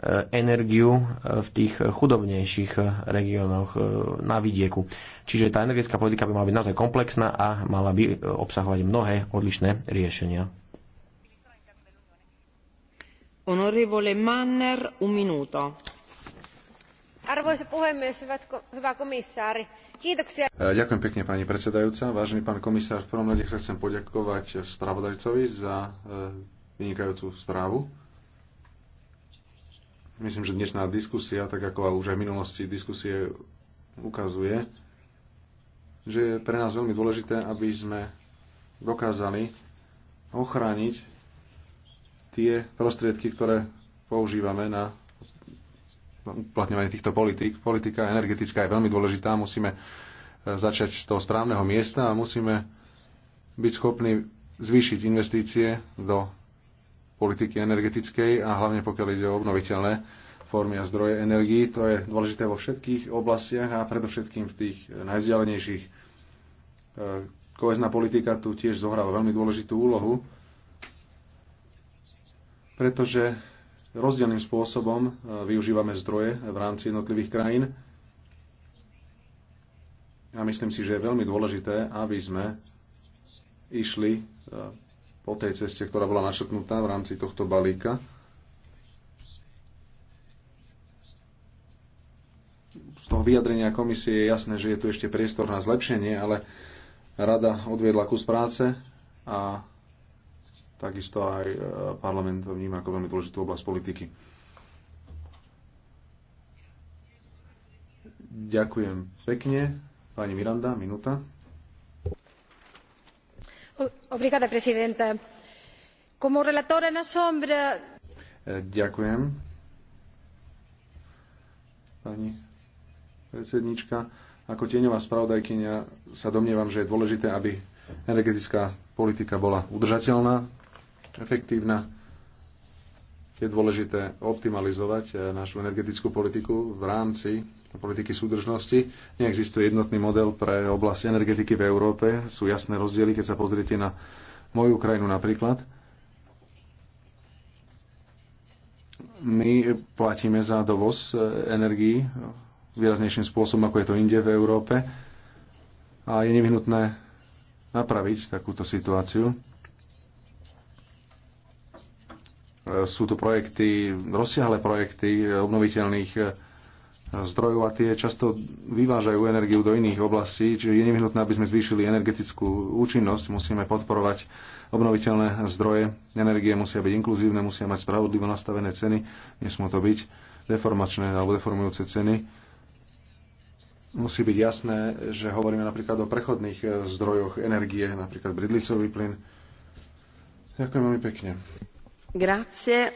Eh, energiu eh, v tých chudobnejších eh, regiónoch na vidieku. Čiže tá energetická politika by mala byť naozaj komplexná a mala by obsahovať mnohé odlišné riešenia. Honorevole Manner, un minuto. Arvoisa puhemies, hyvä komissaari, kiitoksia. Ďakujem pekne, pani predsedajúca. Vážený pán komisár, v prvom rade chcem poďakovať spravodajcovi za vynikajúcu správu Myslím, že dnešná diskusia, tak ako už aj v minulosti diskusie ukazuje, že je pre nás veľmi dôležité, aby sme dokázali ochrániť tie prostriedky, ktoré používame na uplatňovanie týchto politík. Politika energetická je veľmi dôležitá, musíme e, začať z toho správneho miesta a musíme byť schopní zvýšiť investície do politiky energetickej a hlavne pokiaľ ide o obnoviteľné formy a zdroje energií. To je dôležité vo všetkých oblastiach a predovšetkým v tých najzdialenejších. E, kohezná politika tu tiež zohráva veľmi dôležitú úlohu, pretože rozdielným spôsobom e, využívame zdroje v rámci jednotlivých krajín. A myslím si, že je veľmi dôležité, aby sme išli e, po tej ceste, ktorá bola našetnutá v rámci tohto balíka. Z toho vyjadrenia komisie je jasné, že je tu ešte priestor na zlepšenie, ale rada odviedla kus práce a takisto aj e, parlament vníma ako veľmi dôležitú oblasť politiky. Ďakujem pekne. Pani Miranda, minúta presidenta. Como relatora eh, Ďakujem. Pani predsednička, ako tieňová spravodajkyňa sa domnievam, že je dôležité, aby energetická politika bola udržateľná, efektívna je dôležité optimalizovať eh, našu energetickú politiku v rámci politiky súdržnosti. Neexistuje jednotný model pre oblasti energetiky v Európe. Sú jasné rozdiely, keď sa pozriete na moju krajinu napríklad. My platíme za dovoz eh, energii výraznejším spôsobom, ako je to inde v Európe. A je nevyhnutné napraviť takúto situáciu. Sú tu projekty, rozsiahle projekty obnoviteľných e, zdrojov a tie často vyvážajú energiu do iných oblastí, čiže je nevyhnutné, aby sme zvýšili energetickú účinnosť, musíme podporovať obnoviteľné zdroje energie, musia byť inkluzívne, musia mať spravodlivo nastavené ceny, nesmú to byť deformačné alebo deformujúce ceny. Musí byť jasné, že hovoríme napríklad o prechodných e, zdrojoch energie, napríklad bridlicový plyn. Ďakujem veľmi pekne. Eh,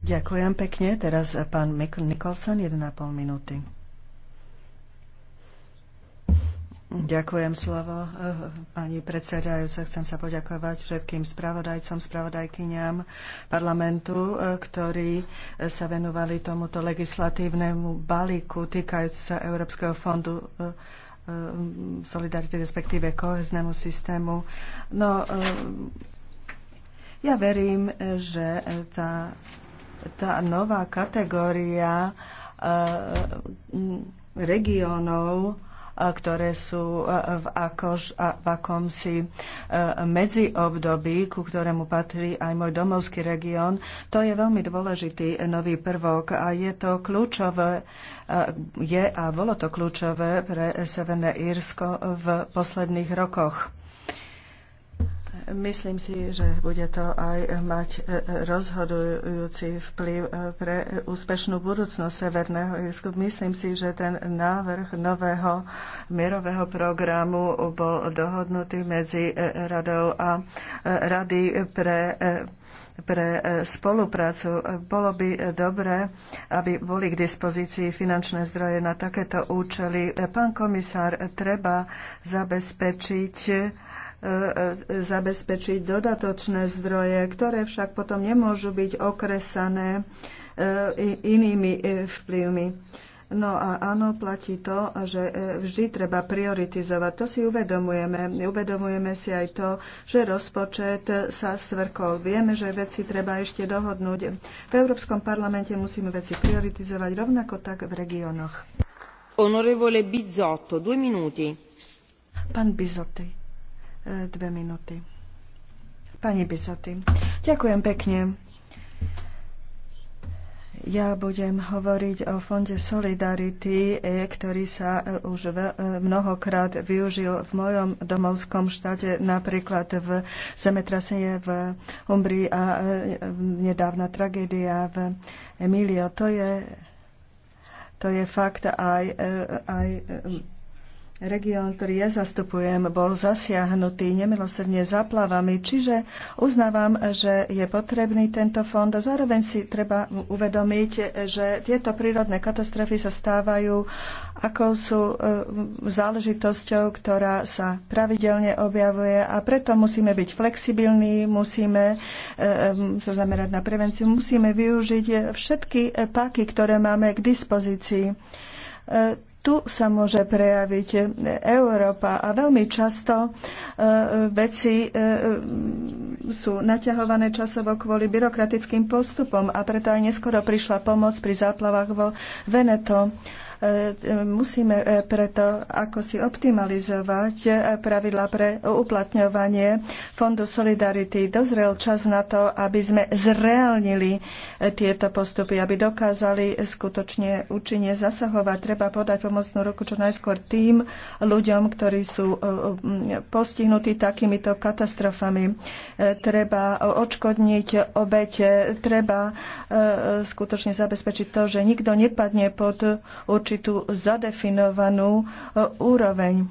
Ďakujem pekne. Teraz eh, pán Nicholson, 1,5 minúty. Ďakujem slovo. Eh, pani predsedajúca, chcem sa poďakovať všetkým spravodajcom, spravodajkyňam parlamentu, ktorí sa venovali tomuto legislatívnemu balíku týkajúce sa Európskeho fondu solidarity, respektíve koheznému systému. No, ja verím, že tá, tá nová kategória eh, regiónov, eh, ktoré sú eh, v, akož, v akomsi medziobdobí, ku ktorému patrí aj môj domovský región. To je veľmi dôležitý nový prvok a je to kľúčové, je a bolo to kľúčové pre Severné Írsko v posledných rokoch. Myslím si, že bude to aj mať e, e, rozhodujúci vplyv e, pre úspešnú budúcnosť Severného Irsku. Myslím si, že ten návrh nového mierového programu bol dohodnutý medzi radou a rady pre pre spoluprácu. Bolo by dobré, aby boli k dispozícii finančné zdroje na takéto účely. Pán komisár, treba zabezpečiť E, e, zabezpečiť dodatočné zdroje, ktoré však potom nemôžu byť okresané e, inými vplyvmi. No a áno, platí to, že vždy treba prioritizovať. To si uvedomujeme. Uvedomujeme si aj to, že rozpočet sa svrkol. Vieme, že veci treba ešte dohodnúť. V Európskom parlamente musíme veci prioritizovať, rovnako tak v regiónoch. Honorevole Bizotto, dve minúty. Pán Bizotti dve minúty. Pani Bisoty, ďakujem pekne. Ja budem hovoriť o fonde Solidarity, e, ktorý sa e, už e, mnohokrát využil v mojom domovskom štáte, napríklad v zemetrasenie v Umbrii a nedávna tragédia v Emilio. To je, to je fakt aj, aj Región, ktorý ja zastupujem, bol zasiahnutý nemilosrdne záplavami, čiže uznávam, že je potrebný tento fond a zároveň si treba uvedomiť, že tieto prírodné katastrofy sa stávajú ako sú e, záležitosťou, ktorá sa pravidelne objavuje a preto musíme byť flexibilní, musíme e, e, sa zamerať na prevenciu, musíme využiť všetky páky, ktoré máme k dispozícii tu sa môže prejaviť Európa a veľmi často e, veci e, e, sú naťahované časovo kvôli byrokratickým postupom a preto aj neskoro prišla pomoc pri záplavách vo Veneto. Musíme e, preto ako si optimalizovať e, pravidla pre uplatňovanie Fondu Solidarity. Dozrel čas na to, aby sme zreálnili e, tieto postupy, aby dokázali skutočne účinne zasahovať. Treba podať pomocnú ruku čo najskôr tým ľuďom, ktorí sú postihnutí takýmito katastrofami. Treba odškodniť obete, treba skutočne zabezpečiť to, že nikto nepadne pod určitým určitú zadefinovanú e, úroveň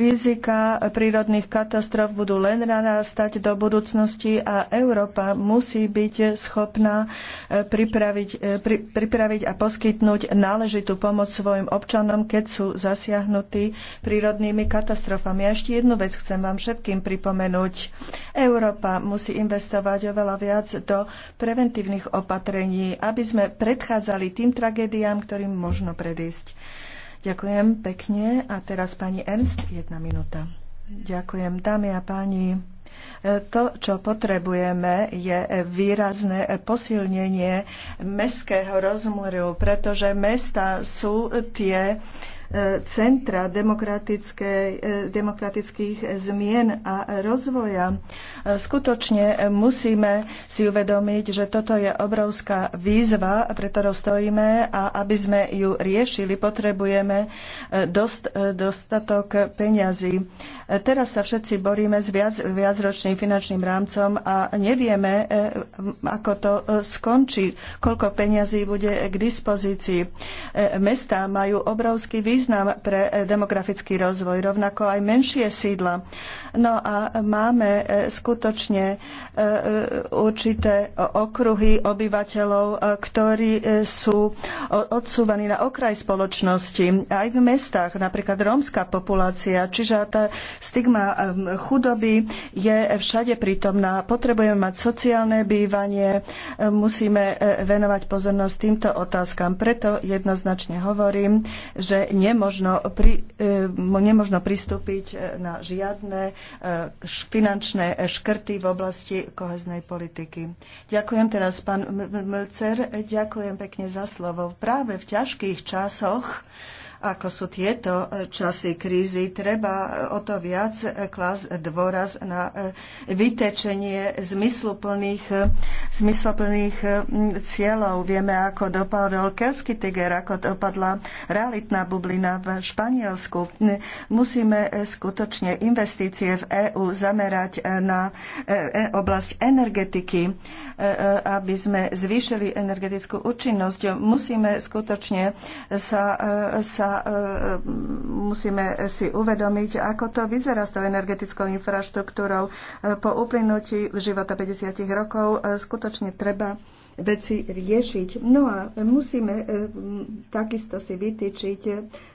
rizika prírodných katastrof budú len narastať do budúcnosti a Európa musí byť schopná e, pripraviť, e, pri, pripraviť a poskytnúť náležitú pomoc svojim občanom, keď sú zasiahnutí prírodnými katastrofami. A ešte jednu vec chcem vám všetkým pripomenúť. Európa musí investovať oveľa viac do preventívnych opatrení, aby sme predchádzali tým tragédiám, ktorým možno predísť. Ďakujem pekne. A teraz pani Ernst, jedna minúta. Ďakujem, dámy a páni. E, to, čo potrebujeme, je výrazné posilnenie mestského rozmúru, pretože mesta sú tie E, centra e, demokratických zmien a rozvoja. E, skutočne musíme si uvedomiť, že toto je obrovská výzva, pre ktorou stojíme a aby sme ju riešili, potrebujeme dost, dostatok peňazí. Teraz sa všetci boríme s viac, viacročným finančným rámcom a nevieme, ako to skončí, koľko peňazí bude k dispozícii. Mestá majú obrovský výzva význam pre e, demografický rozvoj, rovnako aj menšie sídla. No a máme e, skutočne e, určité okruhy obyvateľov, ktorí sú odsúvaní na okraj spoločnosti. Aj v mestách, napríklad rómska populácia, čiže tá stigma chudoby je všade prítomná. Potrebujeme mať sociálne bývanie, musíme venovať pozornosť týmto otázkam. Preto jednoznačne hovorím, že nie nemožno, pri, e, nemožno pristúpiť e, na žiadne e, finančné škrty v oblasti koheznej politiky. Ďakujem teraz, pán Mlcer, ďakujem pekne za slovo. Práve v ťažkých časoch ako sú tieto časy krízy, treba o to viac klas dôraz na e, vytečenie zmysluplných, e, zmysluplných e, cieľov. Vieme, ako dopadol Kelsky tiger, ako dopadla realitná bublina v Španielsku. Musíme skutočne investície v EÚ zamerať na oblasť energetiky, aby sme zvýšili energetickú účinnosť. Musíme skutočne sa, sa E, e, musíme si uvedomiť, ako to vyzerá s tou energetickou infraštruktúrou. E, po uplynutí života 50 rokov skutočne treba veci riešiť. No a musíme takisto si vytýčiť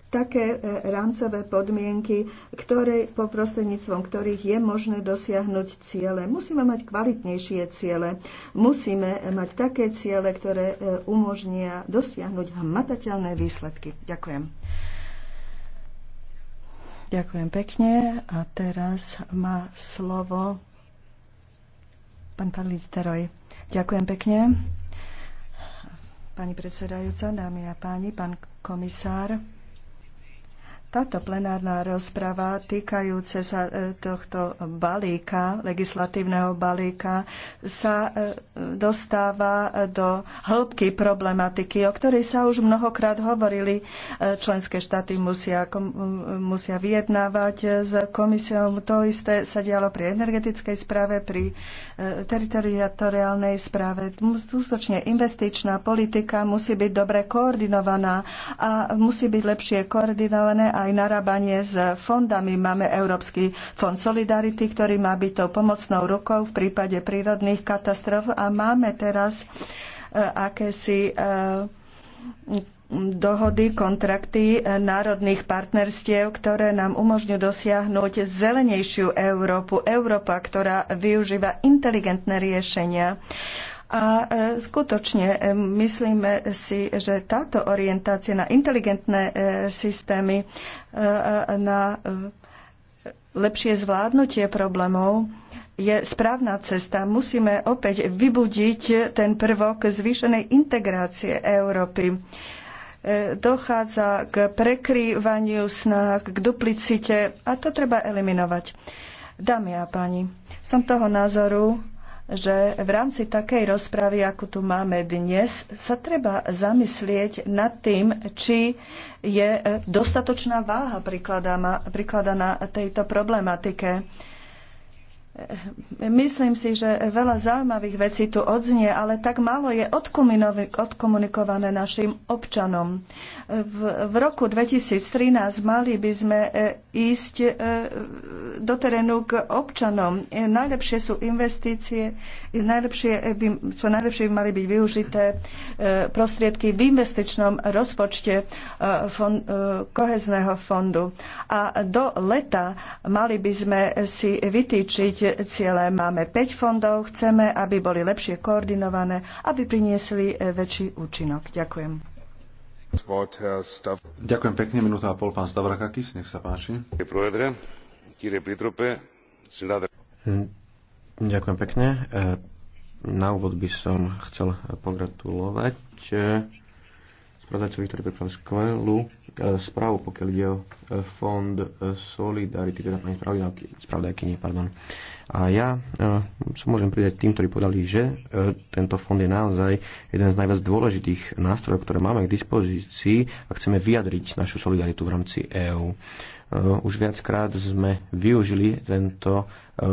také rámcové podmienky, ktoré, po prostredníctvom ktorých je možné dosiahnuť ciele. Musíme mať kvalitnejšie ciele. Musíme mať také ciele, ktoré umožnia dosiahnuť hmatateľné výsledky. Ďakujem. Ďakujem pekne a teraz má slovo pán Teroj. Ďakujem pekne. Pani predsedajúca, dámy a páni, pán komisár. Táto plenárna rozprava týkajúce sa e, tohto balíka, legislatívneho balíka, sa e, dostáva e, do hĺbky problematiky, o ktorej sa už mnohokrát hovorili. Členské štáty musia, musia vyjednávať s komisiou. To isté sa dialo pri energetickej správe, pri teritoriálnej správe. Skutočne investičná politika musí byť dobre koordinovaná a musí byť lepšie koordinované aj narábanie s fondami. Máme Európsky fond Solidarity, ktorý má byť tou pomocnou rukou v prípade prírodných katastrof a máme teraz e, akési e, dohody, kontrakty e, národných partnerstiev, ktoré nám umožňujú dosiahnuť zelenejšiu Európu. Európa, ktorá využíva inteligentné riešenia. A e, skutočne e, myslíme si, že táto orientácia na inteligentné e, systémy, na lepšie zvládnutie problémov je správna cesta. Musíme opäť vybudiť ten prvok zvýšenej integrácie Európy dochádza k prekrývaniu snah, k duplicite a to treba eliminovať. Dámy a páni, som toho názoru, že v rámci takej rozpravy, ako tu máme dnes, sa treba zamyslieť nad tým, či je e, dostatočná váha prikladaná, prikladaná tejto problematike. Myslím si, že veľa zaujímavých vecí tu odznie, ale tak málo je odkomunikované našim občanom. V, roku 2013 mali by sme e, ísť e, do terénu k občanom. E, najlepšie sú investície, najlepšie by, čo najlepšie by mali byť využité prostriedky v investičnom rozpočte kohezného fondu. A do leta mali by sme si vytýčiť ciele. Máme 5 fondov, chceme, aby boli lepšie koordinované, aby priniesli e, väčší účinok. Ďakujem. Ďakujem pekne, minúta a pol, pán Stavrakakis, nech sa páči. Mm, ďakujem pekne. E, na úvod by som chcel pogratulovať e, spravodajcovi, ktorý pripravil skvelú E, správu, pokiaľ ide o e, fond e, Solidarity, teda pani nie, pardon. A ja sa môžem pridať tým, ktorí podali, že tento fond je naozaj jeden z najviac dôležitých nástrojov, ktoré máme k dispozícii a chceme vyjadriť našu solidaritu v rámci EÚ. Už viackrát sme využili tento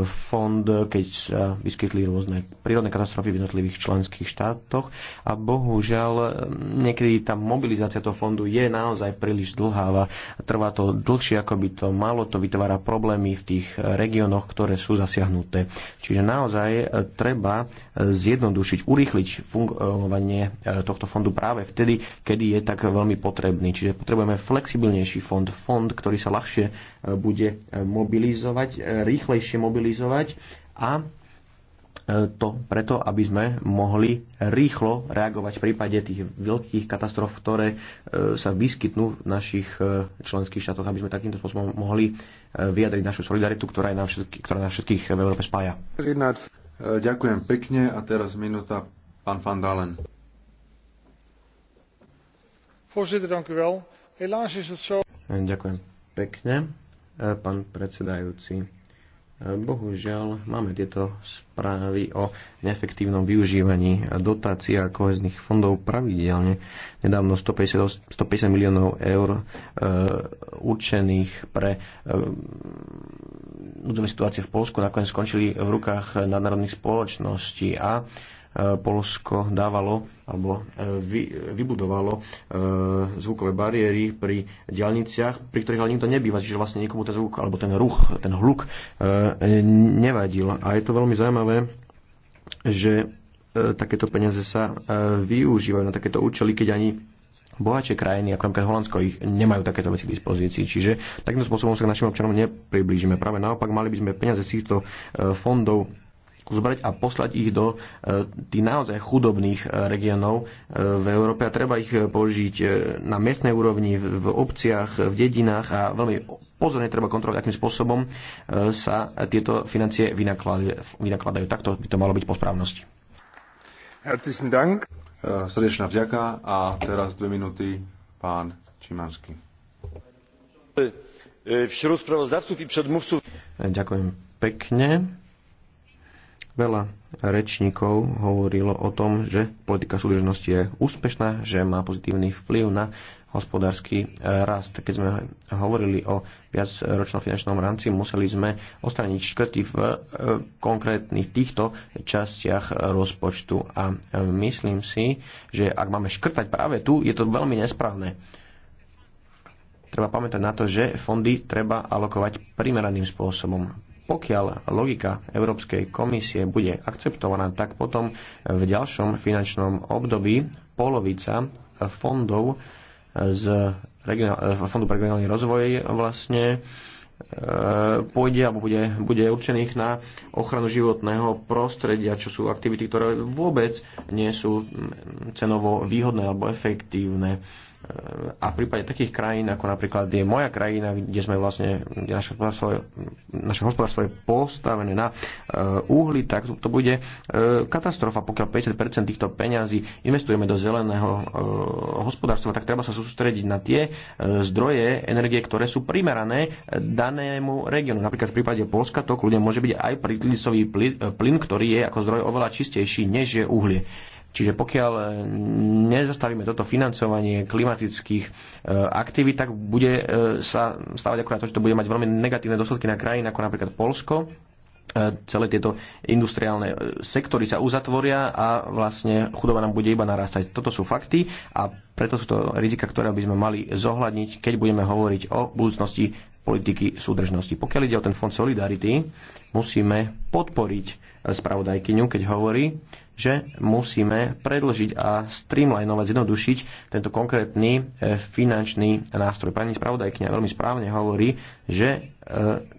fond, keď sa vyskytli rôzne prírodné katastrofy v jednotlivých členských štátoch a bohužiaľ niekedy tá mobilizácia toho fondu je naozaj príliš dlháva. Trvá to dlhšie, ako by to malo, to vytvára problémy v tých regiónoch, ktoré sú zasiahnuté. Čiže naozaj treba zjednodušiť, urýchliť fungovanie e, tohto fondu práve vtedy, kedy je tak veľmi potrebný. Čiže potrebujeme flexibilnejší fond, fond, ktorý sa ľahšie e, bude e, mobilizovať, rýchlejšie mobilizovať a to preto, aby sme mohli rýchlo reagovať v prípade tých veľkých katastrof, ktoré sa vyskytnú v našich členských štátoch, aby sme takýmto spôsobom mohli vyjadriť našu solidaritu, ktorá, je všetky, ktorá nás všetkých v Európe spája. E, ďakujem pekne a teraz minúta pán Van Dalen. Voorzitter, dank u wel. Helaas is het zo... Ďakujem pekne, e, pán predsedajúci. Bohužiaľ, máme tieto správy o neefektívnom využívaní dotácií a kohezných fondov pravidelne. Nedávno 150, 150 miliónov eur e, určených pre e, situácie v Polsku nakoniec skončili v rukách nadnárodných spoločností a e, E, Polsko dávalo alebo e, vy, vybudovalo e, zvukové bariéry pri diaľniciach, pri ktorých ale nikto nebýva, čiže vlastne nikomu ten zvuk alebo ten ruch, ten hluk nevadil. A je to veľmi zaujímavé, že takéto peniaze sa využívajú na takéto účely, keď ani bohatšie krajiny, ako napríklad Holandsko, ich nemajú takéto veci k dispozícii. Čiže takýmto spôsobom sa k našim občanom nepriblížime. Práve naopak, mali by sme peniaze z týchto fondov zobrať a poslať ich do e, tých naozaj chudobných e, regiónov e, v Európe a treba ich použiť na miestnej úrovni, v obciach, v dedinách a veľmi pozorne treba kontrolovať, akým spôsobom sa tieto financie vynakladajú. Takto by to malo byť po správnosti. Herzlichen Dank. Srdečná vďaka a teraz dve minúty pán Čimanský. Ďakujem pekne Veľa rečníkov hovorilo o tom, že politika súdržnosti je úspešná, že má pozitívny vplyv na hospodársky e, rast. Keď sme hovorili o viacročnom finančnom rámci, museli sme ostraniť škrty v e, konkrétnych týchto častiach rozpočtu. A e, myslím si, že ak máme škrtať práve tu, je to veľmi nesprávne. Treba pamätať na to, že fondy treba alokovať primeraným spôsobom pokiaľ logika Európskej komisie bude akceptovaná, tak potom v ďalšom finančnom období polovica fondov z eh, Fondu pre regionálny rozvoj vlastne eh, pôjde alebo bude, bude určených na ochranu životného prostredia, čo sú aktivity, ktoré vôbec nie sú mm, cenovo výhodné alebo efektívne. Ehm, a v prípade takých krajín, ako napríklad je moja krajina, kde sme vlastne, kde naše hospodárstvo, je, naše hospodárstvo je postavené na eh, uhli, tak to, to bude eh, katastrofa. Pokiaľ 50% týchto peňazí investujeme do zeleného eh, hospodárstva, tak treba sa sústrediť na tie zdroje energie, ktoré sú primerané danému regiónu. Napríklad v prípade Polska to kľudne môže byť aj príklisový plyn, ktorý je ako zdroj oveľa čistejší, než je uhlie. Čiže pokiaľ nezastavíme toto financovanie klimatických eh, aktivít, tak bude eh, sa stávať akurát to, že to bude mať veľmi negatívne dôsledky na krajiny ako napríklad Polsko, eh, celé tieto industriálne sektory sa uzatvoria a vlastne chudoba nám bude iba narastať. Toto sú fakty a preto sú to rizika, ktoré by sme mali zohľadniť, keď budeme hovoriť o budúcnosti politiky súdržnosti. Pokiaľ ide o ten fond Solidarity, musíme podporiť spravodajkyňu, keď hovorí, že musíme predlžiť a streamlinovať, zjednodušiť tento konkrétny eh, finančný nástroj. Pani spravodajkyňa veľmi správne hovorí, že eh,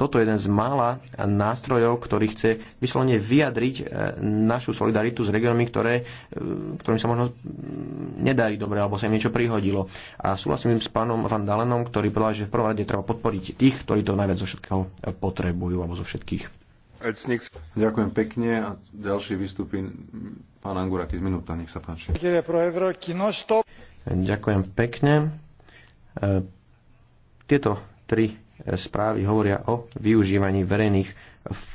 toto je jeden z mála nástrojov, ktorý chce vyslovene vyjadriť e, našu solidaritu s regiónmi, ktoré, e, ktorým sa možno mm, nedarí dobre, alebo sa im niečo prihodilo. A súhlasím s pánom Van Dalenom, ktorý povedal, že v prvom rade treba podporiť tých, ktorí to najviac zo všetkého e, potrebujú, alebo zo všetkých. Ďakujem pekne a ďalší vystupí pán z minúta, nech sa páči. Ďakujem pekne. Tieto tri správy hovoria o využívaní verejných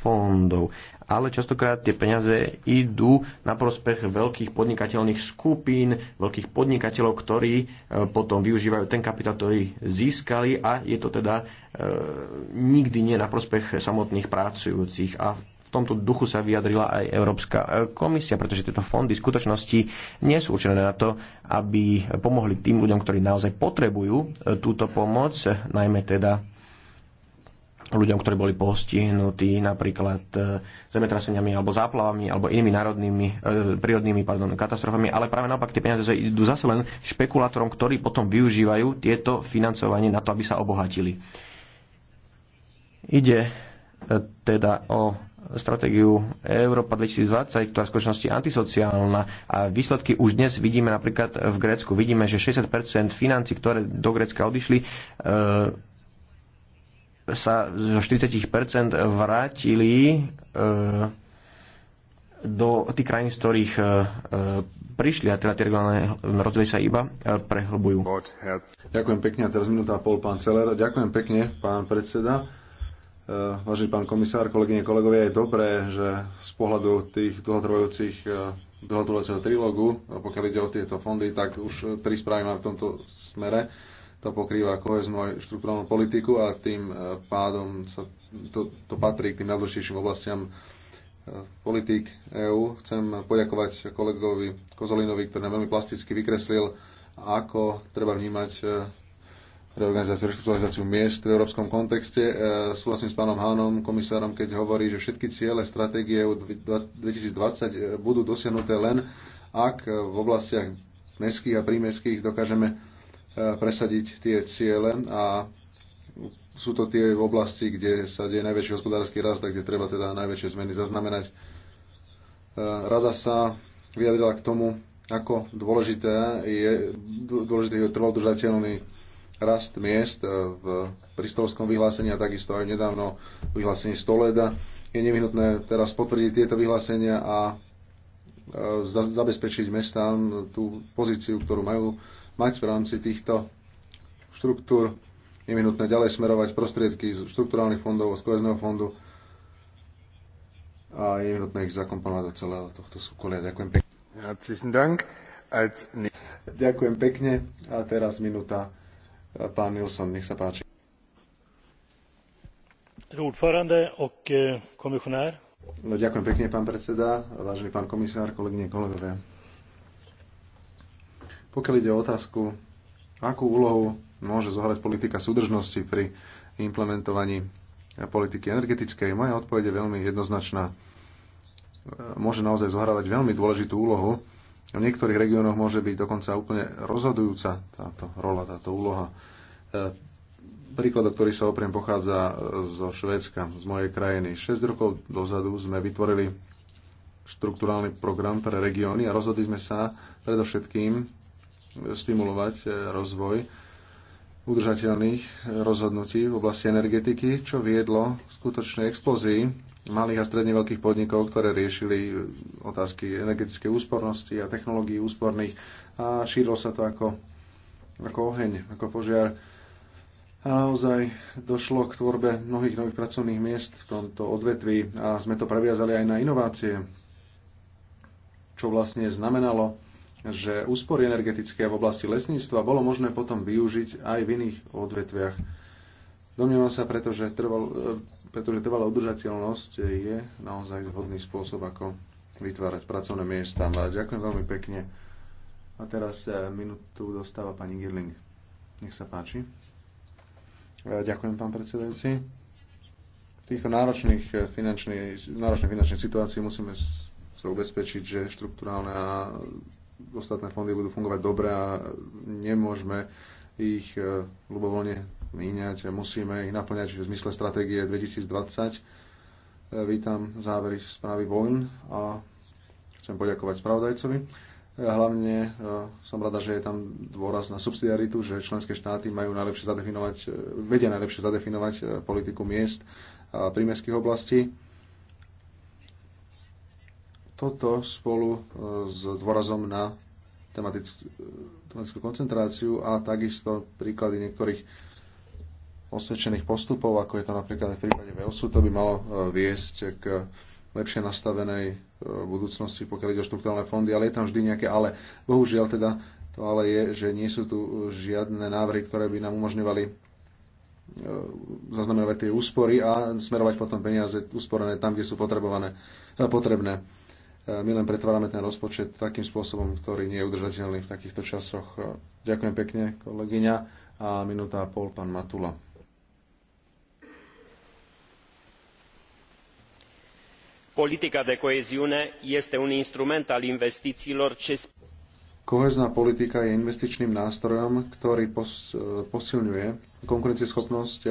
fondov. Ale častokrát tie peniaze idú na prospech veľkých podnikateľných skupín, veľkých podnikateľov, ktorí e, potom využívajú ten kapitál, ktorý získali a je to teda e, nikdy nie na prospech samotných pracujúcich. A v tomto duchu sa vyjadrila aj Európska e, komisia, pretože tieto fondy v skutočnosti nie sú určené na to, aby pomohli tým ľuďom, ktorí naozaj potrebujú e, túto pomoc, najmä teda ľuďom, ktorí boli postihnutí napríklad e, zemetraseniami alebo záplavami alebo inými národnými, e, prírodnými pardon, katastrofami, ale práve naopak tie peniaze idú zase len špekulátorom, ktorí potom využívajú tieto financovanie na to, aby sa obohatili. Ide e, teda o stratégiu Európa 2020, ktorá v skutočnosti antisociálna a výsledky už dnes vidíme napríklad v Grécku. Vidíme, že 60% financí, ktoré do Grécka odišli, e, sa zo 40% vrátili e, do tých krajín, z ktorých e, e, prišli a teda tie regionálne rozdiely sa iba prehlbujú. Ďakujem pekne a teraz minúta a pol pán Celer. Ďakujem pekne pán predseda. Vážený pán komisár, kolegyne, kolegovia, je dobré, že z pohľadu tých dlhotrvajúcich dlhotrvajúceho trilógu, pokiaľ ide o tieto fondy, tak už tri správy máme v tomto smere to pokrýva koheznú aj štruktúrnu politiku a tým e, pádom sa to, to patrí k tým najdôležitejším oblastiam e, politik EÚ. Chcem poďakovať kolegovi Kozolinovi, ktorý nám veľmi plasticky vykreslil, ako treba vnímať e, reorganizáciu, reštrukturalizáciu miest v európskom kontexte. Súhlasím s pánom Hánom, komisárom, keď hovorí, že všetky ciele stratégie 2020 budú dosiahnuté len, ak v oblastiach mestských a prímestských dokážeme Eh, presadiť tie ciele a sú to tie v oblasti, kde sa deje najväčší hospodársky rast a kde treba teda najväčšie zmeny zaznamenať. Eh, rada sa vyjadrila k tomu, ako dôležité je, dôležité je trvodržateľný rast miest eh, v pristolskom vyhlásení a takisto aj nedávno vyhlásení Stoleda. Je nevyhnutné teraz potvrdiť tieto vyhlásenia a zabezpečiť mestám tú pozíciu, ktorú majú mať v rámci týchto štruktúr. Je nutné ďalej smerovať prostriedky z štruktúrálnych fondov, z kohezného fondu a je nutné ich zakomponovať do celého tohto súkolia. Ďakujem pekne. Ďakujem pekne. A teraz minúta. Pán Nilsson, nech sa páči. No, ďakujem pekne, pán predseda, vážený pán komisár, kolegyne, kolegovia pokiaľ ide o otázku, akú úlohu môže zohrať politika súdržnosti pri implementovaní politiky energetickej, moja odpoveď je veľmi jednoznačná. E, môže naozaj zohrávať veľmi dôležitú úlohu. V niektorých regiónoch môže byť dokonca úplne rozhodujúca táto rola, táto úloha. E, príklad, o ktorý sa opriem, pochádza zo Švédska, z mojej krajiny. 6 rokov dozadu sme vytvorili štruktúrálny program pre regióny a rozhodli sme sa predovšetkým stimulovať e, rozvoj udržateľných e, rozhodnutí v oblasti energetiky, čo viedlo k skutočnej explózii malých a stredne veľkých podnikov, ktoré riešili e, otázky energetickej úspornosti a technológií úsporných a šírilo sa to ako, ako oheň, ako požiar. A naozaj došlo k tvorbe mnohých nových pracovných miest v tomto odvetví a sme to previazali aj na inovácie, čo vlastne znamenalo že úspory energetické v oblasti lesníctva bolo možné potom využiť aj v iných odvetviach. Domnievam sa, pretože, trval, e, pretože trvalá udržateľnosť je naozaj vhodný spôsob, ako vytvárať pracovné miesta. Ďakujem veľmi pekne. A teraz e, minútu dostáva pani Girling. Nech sa páči. E, ďakujem, pán predsedajúci. V týchto náročných finančných, náročnej finančnej situácii musíme sa ubezpečiť, že štruktúrálne a ostatné fondy budú fungovať dobre a nemôžeme ich e, ľubovoľne míňať a musíme ich naplňať v zmysle stratégie 2020. E, vítam závery správy vojn a chcem poďakovať spravodajcovi. E, hlavne som rada, že je tam dôraz na subsidiaritu, že členské štáty majú najlepšie zadefinovať, vedia najlepšie zadefinovať politiku miest a prímeských oblastí toto spolu e, s dôrazom na e, tematickú, koncentráciu a takisto príklady niektorých osvedčených postupov, ako je to napríklad aj v prípade Velsu, to by malo e, viesť k lepšie nastavenej budúcnosti, pokiaľ ide o štruktúrne fondy, ale je tam vždy nejaké ale. Bohužiaľ teda to ale je, že nie sú tu žiadne návrhy, ktoré by nám umožňovali zaznamenávať tie úspory a smerovať potom peniaze úsporené tam, kde sú potrebované, potrebné. E, my len pretvárame ten rozpočet takým spôsobom, ktorý nie je udržateľný v takýchto časoch. E, ďakujem pekne, kolegyňa. A minúta a pol, pán Matula. Politika de coeziune este un instrument al investițiilor ce... Kohezná politika je investičným nástrojom, ktorý pos, e, posilňuje konkurencieschopnosť,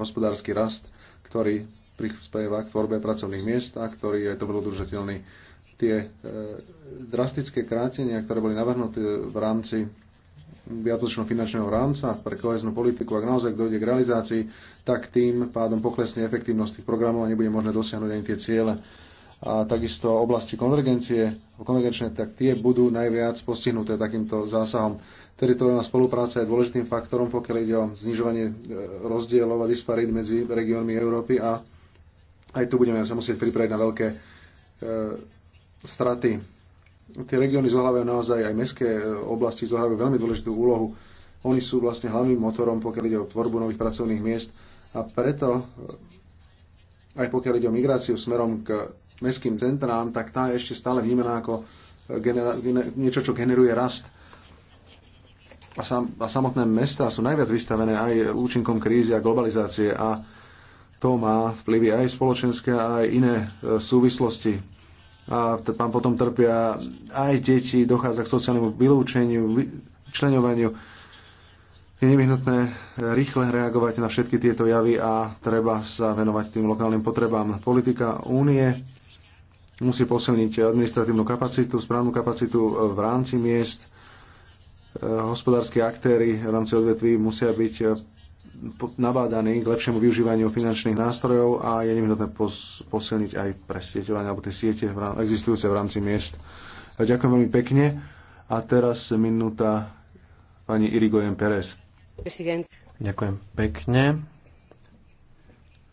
hospodársky rast, ktorý prispieva k tvorbe pracovných miest a ktorý je dobro udržateľný. Tie e, drastické krátenia, ktoré boli navrhnuté v rámci viacročného finančného rámca pre koheznú politiku, ak naozaj dojde k realizácii, tak tým pádom poklesne efektívnosť tých programov a nebude možné dosiahnuť ani tie ciele. A takisto oblasti konvergencie, konvergenčné, tak tie budú najviac postihnuté takýmto zásahom. Teritoriálna spolupráca je dôležitým faktorom, pokiaľ ide o znižovanie e, rozdielov a disparít medzi regiónmi Európy a aj tu budeme sa musieť pripraviť na veľké e, straty. Tie regióny zohľavajú naozaj, aj mestské e, oblasti zohľavajú veľmi dôležitú úlohu. Oni sú vlastne hlavným motorom, pokiaľ ide o tvorbu nových pracovných miest a preto e, aj pokiaľ ide o migráciu smerom k mestským centrám, tak tá je ešte stále vnímaná ako e, niečo, čo generuje rast. A, sam- a samotné mesta sú najviac vystavené aj účinkom krízy a globalizácie a to má vplyvy aj spoločenské, aj iné e, súvislosti. A tam potom trpia aj deti, dochádza k sociálnemu vylúčeniu, členovaniu. Je nevyhnutné e, rýchle reagovať na všetky tieto javy a treba sa venovať tým lokálnym potrebám. Politika únie musí posilniť administratívnu kapacitu, správnu kapacitu e, v rámci miest. Hospodárske aktéry v rámci odvetví musia byť nabádaný k lepšiemu využívaniu finančných nástrojov a je nevyhnutné posilniť aj presieťovanie alebo tie siete v rám- existujúce v rámci miest. Ďakujem veľmi pekne. A teraz minúta pani Irigoyen Pérez. Ďakujem pekne.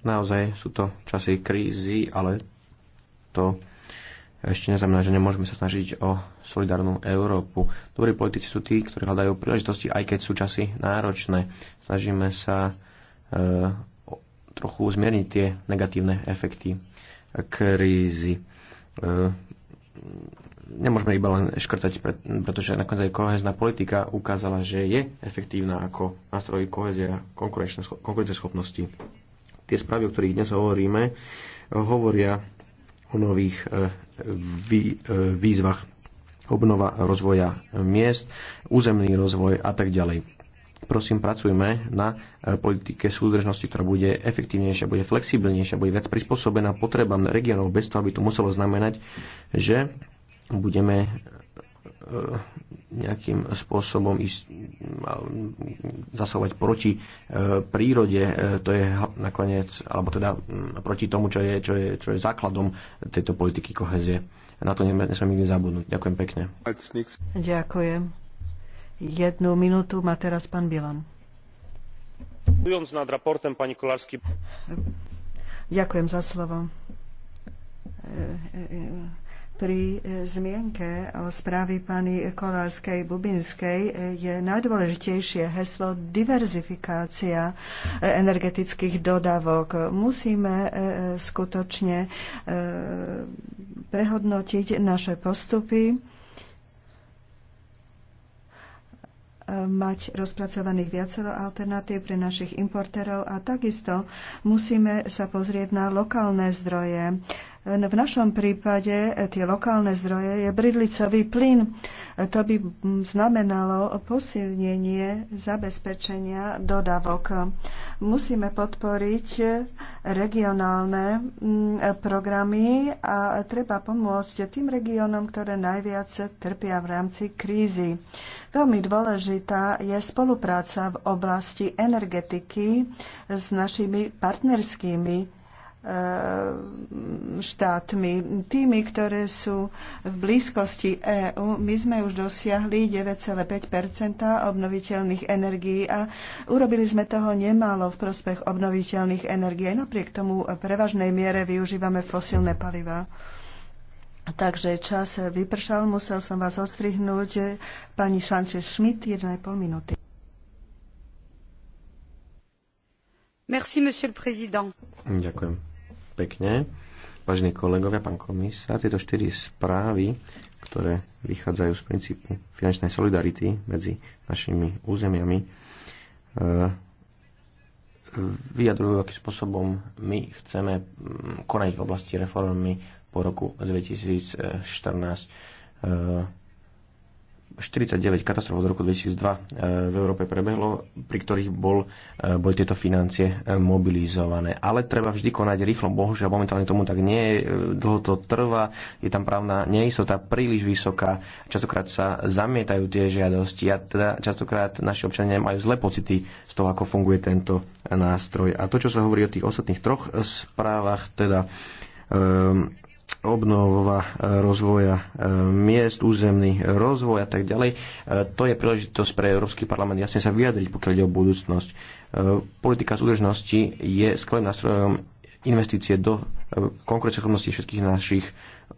Naozaj sú to časy krízy, ale to ešte neznamená, že nemôžeme sa snažiť o solidárnu Európu. Dobrí politici sú tí, ktorí hľadajú príležitosti, aj keď sú časy náročné. Snažíme sa e, trochu zmierniť tie negatívne efekty krízy. E, nemôžeme iba len škrtať, pretože nakoniec aj kohezná politika ukázala, že je efektívna ako nástroj kohezia konkurenceschopnosti. Tie správy, o ktorých dnes hovoríme, hovoria o nových e, E, výzvach obnova rozvoja miest, územný rozvoj a tak ďalej. Prosím, pracujme na e, politike súdržnosti, ktorá bude efektívnejšia, bude flexibilnejšia, bude viac prispôsobená potrebám regionov, bez toho, aby to muselo znamenať, že budeme E, nejakým spôsobom ísť, zasahovať proti e, prírode, e, to je nakoniec, alebo teda mm, proti tomu, čo je, čo je, čo je základom tejto politiky kohezie. Na to nesmieme nikdy zabudnúť. Ďakujem pekne. Ďakujem. Jednu minútu má teraz pán Bilan. nad raportem pani Kolársky. Ďakujem za slovo pri e, zmienke o správy pani Kolárskej Bubinskej e, je najdôležitejšie heslo diverzifikácia e, energetických dodavok. Musíme skutočne prehodnotiť naše postupy mať rozpracovaných viacero alternatív pre našich importérov a takisto musíme sa pozrieť na lokálne zdroje. V našom prípade tie lokálne zdroje je bridlicový plyn. To by znamenalo posilnenie zabezpečenia dodavok. Musíme podporiť regionálne mm, programy a treba pomôcť tým regiónom, ktoré najviac trpia v rámci krízy. Veľmi dôležitá je spolupráca v oblasti energetiky s našimi partnerskými E, štátmi. Tými, ktoré sú v blízkosti EÚ, my sme už dosiahli 9,5 obnoviteľných energií a urobili sme toho nemálo v prospech obnoviteľných energií. napriek tomu prevažnej miere využívame fosilné paliva. Takže čas vypršal, musel som vás ostrihnúť. Pani Sanchez Schmidt, 1,5 minúty. Merci, monsieur le président. Ďakujem pekne. Vážení kolegovia, pán komisár, tieto štyri správy, ktoré vychádzajú z princípu finančnej solidarity medzi našimi územiami, e, vyjadrujú, akým spôsobom my chceme konať v oblasti reformy po roku 2014 49 katastrof od roku 2002 e, v Európe prebehlo, pri ktorých bol, e, boli tieto financie e, mobilizované. Ale treba vždy konať rýchlo. Bohužiaľ, momentálne tomu tak nie je. Dlho to trvá, je tam právna neistota príliš vysoká. Častokrát sa zamietajú tie žiadosti a teda častokrát naši občania majú zlé pocity z toho, ako funguje tento nástroj. A to, čo sa hovorí o tých ostatných troch správach, teda um, obnova e, rozvoja e, miest, územný rozvoj a tak ďalej. E, to je príležitosť pre Európsky parlament jasne sa vyjadriť, pokiaľ ide o budúcnosť. Politika súdržnosti je skvelým nástrojom investície do konkurenceschopnosti všetkých našich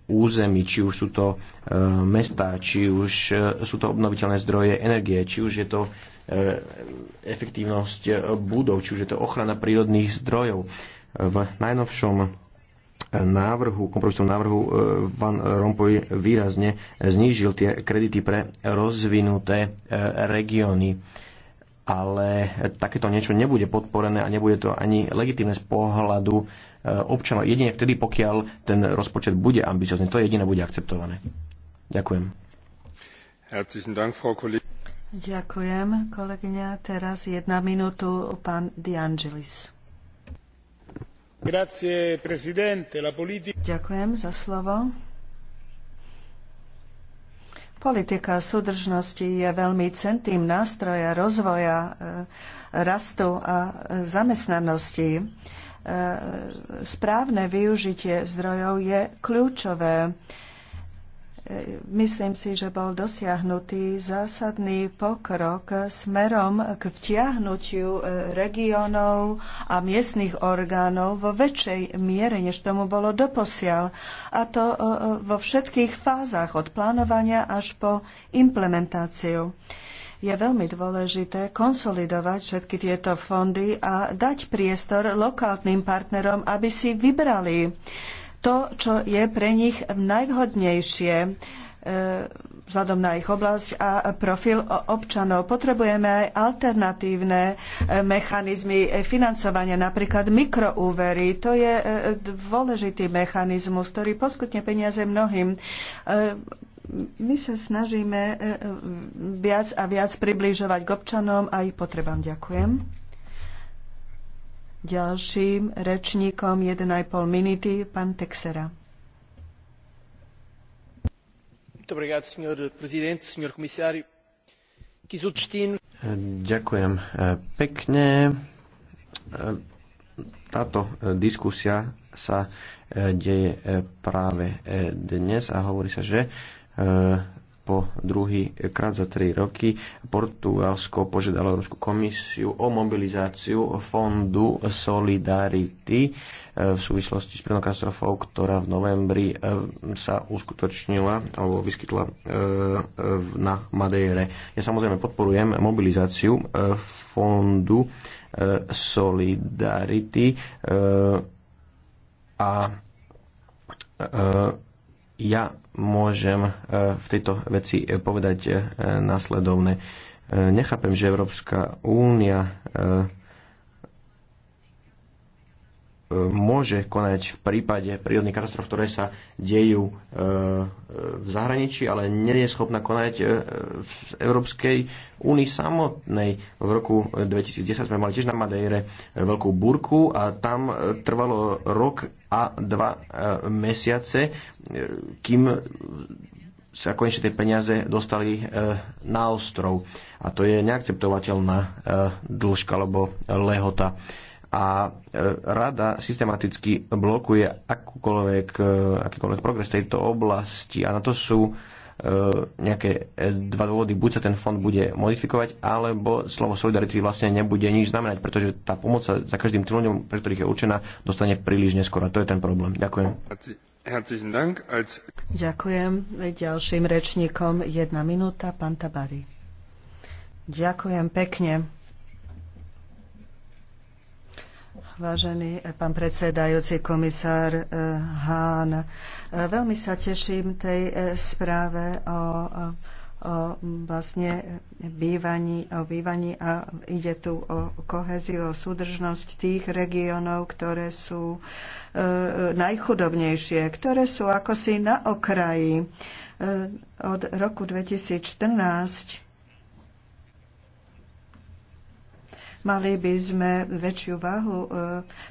území, či už sú to mesta, či už sú to obnoviteľné zdroje energie, či už je to efektívnosť budov, či už je to ochrana prírodných zdrojov. V najnovšom návrhu, kompromisnom návrhu Van e, Rompuy výrazne znížil tie kredity pre rozvinuté e, regióny. Ale takéto niečo nebude podporené a nebude to ani legitimné z pohľadu e, občanov. Jedine vtedy, pokiaľ ten rozpočet bude ambiciozný. To jediné bude akceptované. Ďakujem. Herzlichen Dank, Frau Kollegin. Ďakujem, kolegyňa. Teraz jedna minútu, pán Diangelis. Ďakujem za slovo. Politika súdržnosti je veľmi centým nástroja rozvoja, e, rastu a e, zamestnanosti. E, správne využitie zdrojov je kľúčové Myslím si, že bol dosiahnutý zásadný pokrok smerom k vtiahnutiu e, regiónov a miestnych orgánov vo väčšej miere, než tomu bolo doposiaľ. A to e, e, vo všetkých fázach, od plánovania až po implementáciu je veľmi dôležité konsolidovať všetky tieto fondy a dať priestor lokálnym partnerom, aby si vybrali to, čo je pre nich najvhodnejšie e, vzhľadom na ich oblasť a profil občanov. Potrebujeme aj alternatívne e, mechanizmy financovania, napríklad mikroúvery. To je e, dôležitý mechanizmus, ktorý poskytne peniaze mnohým my sa snažíme viac a viac približovať k občanom a ich potrebám. Ďakujem. Ďalším rečníkom 1,5 minúty pán Texera. Ďakujem e, pekne. E, táto e, diskusia sa deje práve dnes a hovorí sa, že po druhý krát za tri roky Portugalsko požiadalo Európsku komisiu o mobilizáciu fondu Solidarity e, v súvislosti s prvnou katastrofou, ktorá v novembri e, sa uskutočnila alebo vyskytla e, na Madeire. Ja samozrejme podporujem mobilizáciu fondu Solidarity a ja môžem e, v tejto veci e, povedať e, následovné. Nechápem, že Európska únia môže konať v prípade prírodných katastrof, ktoré sa dejú v zahraničí, ale nie je schopná konať v Európskej únii samotnej. V roku 2010 sme mali tiež na Madejre veľkú burku a tam trvalo rok, a dva e, mesiace, e, kým sa konečne tie peniaze dostali e, na ostrov. A to je neakceptovateľná dĺžka alebo lehota. A rada systematicky blokuje akýkoľvek progres tejto oblasti a na to sú E, nejaké e, dva dôvody. Buď sa ten fond bude modifikovať, alebo slovo solidarity vlastne nebude nič znamenať, pretože tá pomoc sa za každým trúňom, pre ktorých je určená, dostane príliš neskoro. A to je ten problém. Ďakujem. Ďakujem. Ďalším rečníkom jedna minúta, pán Tabari. Ďakujem pekne. Vážený pán predsedajúci komisár eh, Hán, eh, veľmi sa teším tej eh, správe o, o vlastne bývaní, o bývaní a ide tu o koheziu, o súdržnosť tých regiónov, ktoré sú najchudobnejšie, ktoré sú akosi na okraji. Od roku 2014 Mali by sme väčšiu váhu e,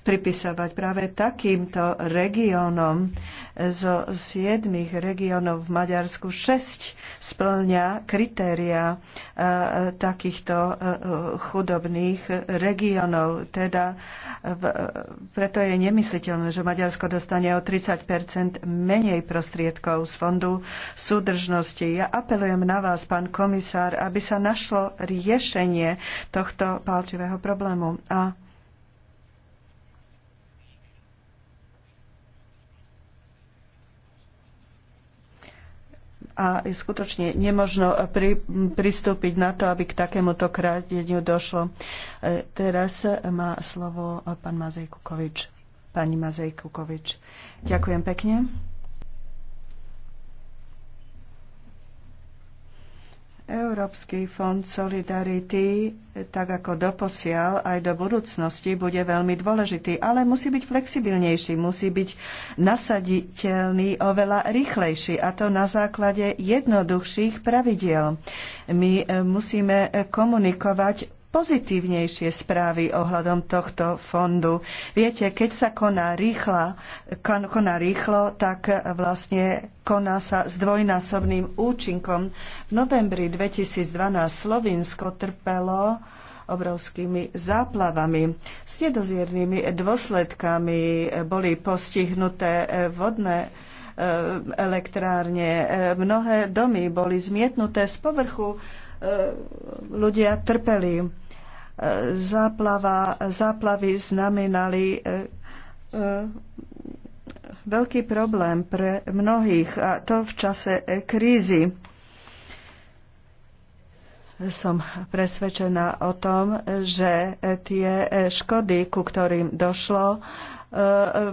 pripisovať práve takýmto regiónom. Zo siedmých regiónov v Maďarsku šesť splňa kritéria e, takýchto e, chudobných regiónov. Teda preto je nemysliteľné, že Maďarsko dostane o 30 menej prostriedkov z Fondu súdržnosti. Ja apelujem na vás, pán komisár, aby sa našlo riešenie tohto palčivého svojho problému. A a skutočne nemožno pri, pristúpiť na to, aby k takémuto krádeniu došlo. E, teraz má slovo pán Mazej Kukovič. Pani Mazej Kukovič. Ďakujem pekne. Európsky fond solidarity, tak ako doposiaľ, aj do budúcnosti bude veľmi dôležitý, ale musí byť flexibilnejší, musí byť nasaditeľný oveľa rýchlejší a to na základe jednoduchších pravidiel. My e, musíme komunikovať pozitívnejšie správy ohľadom tohto fondu. Viete, keď sa koná, rýchla, koná rýchlo, tak vlastne koná sa s dvojnásobným účinkom. V novembri 2012 Slovinsko trpelo obrovskými záplavami. S nedoziernými dôsledkami boli postihnuté vodné e, elektrárne. E, mnohé domy boli zmietnuté z povrchu E, ľudia trpeli. E, záplava, záplavy znamenali e, veľký problém pre mnohých a to v čase krízy. Som presvedčená o tom, že tie škody, ku ktorým došlo,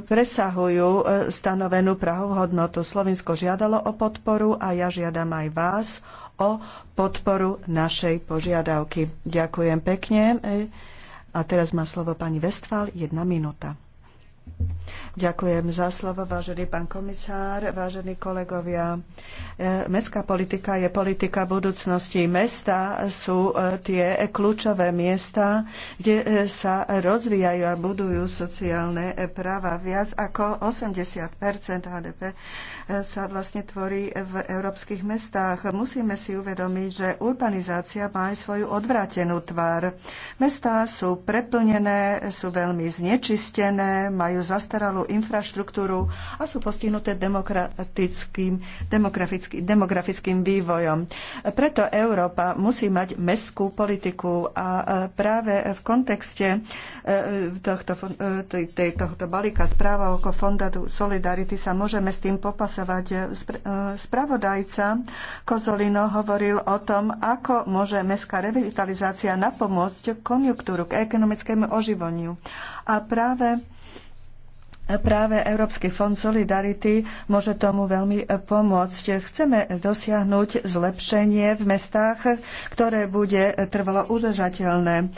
presahujú stanovenú prahovhodnotu. Slovinsko žiadalo o podporu a ja žiadam aj vás o podporu našej požiadavky. Ďakujem pekne. A teraz má slovo pani Vestfal. jedna minúta. Ďakujem za slovo, vážený pán komisár, vážení kolegovia. E, mestská politika je politika budúcnosti. Mesta sú e, tie kľúčové miesta, kde e, sa rozvíjajú a budujú sociálne práva. Viac ako 80 HDP sa vlastne tvorí v európskych mestách. Musíme si uvedomiť, že urbanizácia má aj svoju odvrátenú tvár. Mestá sú preplnené, sú veľmi znečistené, majú zastaralú infraštruktúru a sú postihnuté demokratickým, demografický, demografickým vývojom. Preto Európa musí mať mestskú politiku a e, práve v kontekste e, tohto, e, tohto balíka správa oko Fondadu Solidarity sa môžeme s tým popasovať. Spravodajca Kozolino hovoril o tom, ako môže mestská revitalizácia napomôcť konjunktúru k ekonomickému oživoniu. A práve Práve Európsky fond Solidarity môže tomu veľmi pomôcť. Chceme dosiahnuť zlepšenie v mestách, ktoré bude trvalo udržateľné.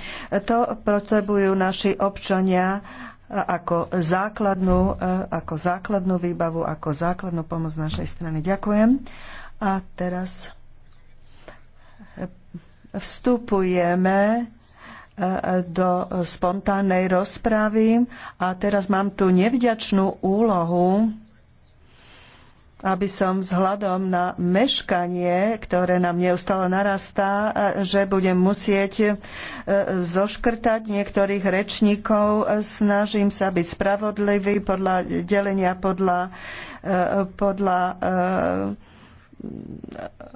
To potrebujú naši občania ako základnú, ako základnú výbavu, ako základnú pomoc z našej strany. Ďakujem. A teraz vstupujeme do spontánnej rozpravy a teraz mám tu nevďačnú úlohu, aby som vzhľadom na meškanie, ktoré nám neustále narastá, že budem musieť e, zoškrtať niektorých rečníkov. Snažím sa byť spravodlivý podľa delenia, podľa, e, podľa, e,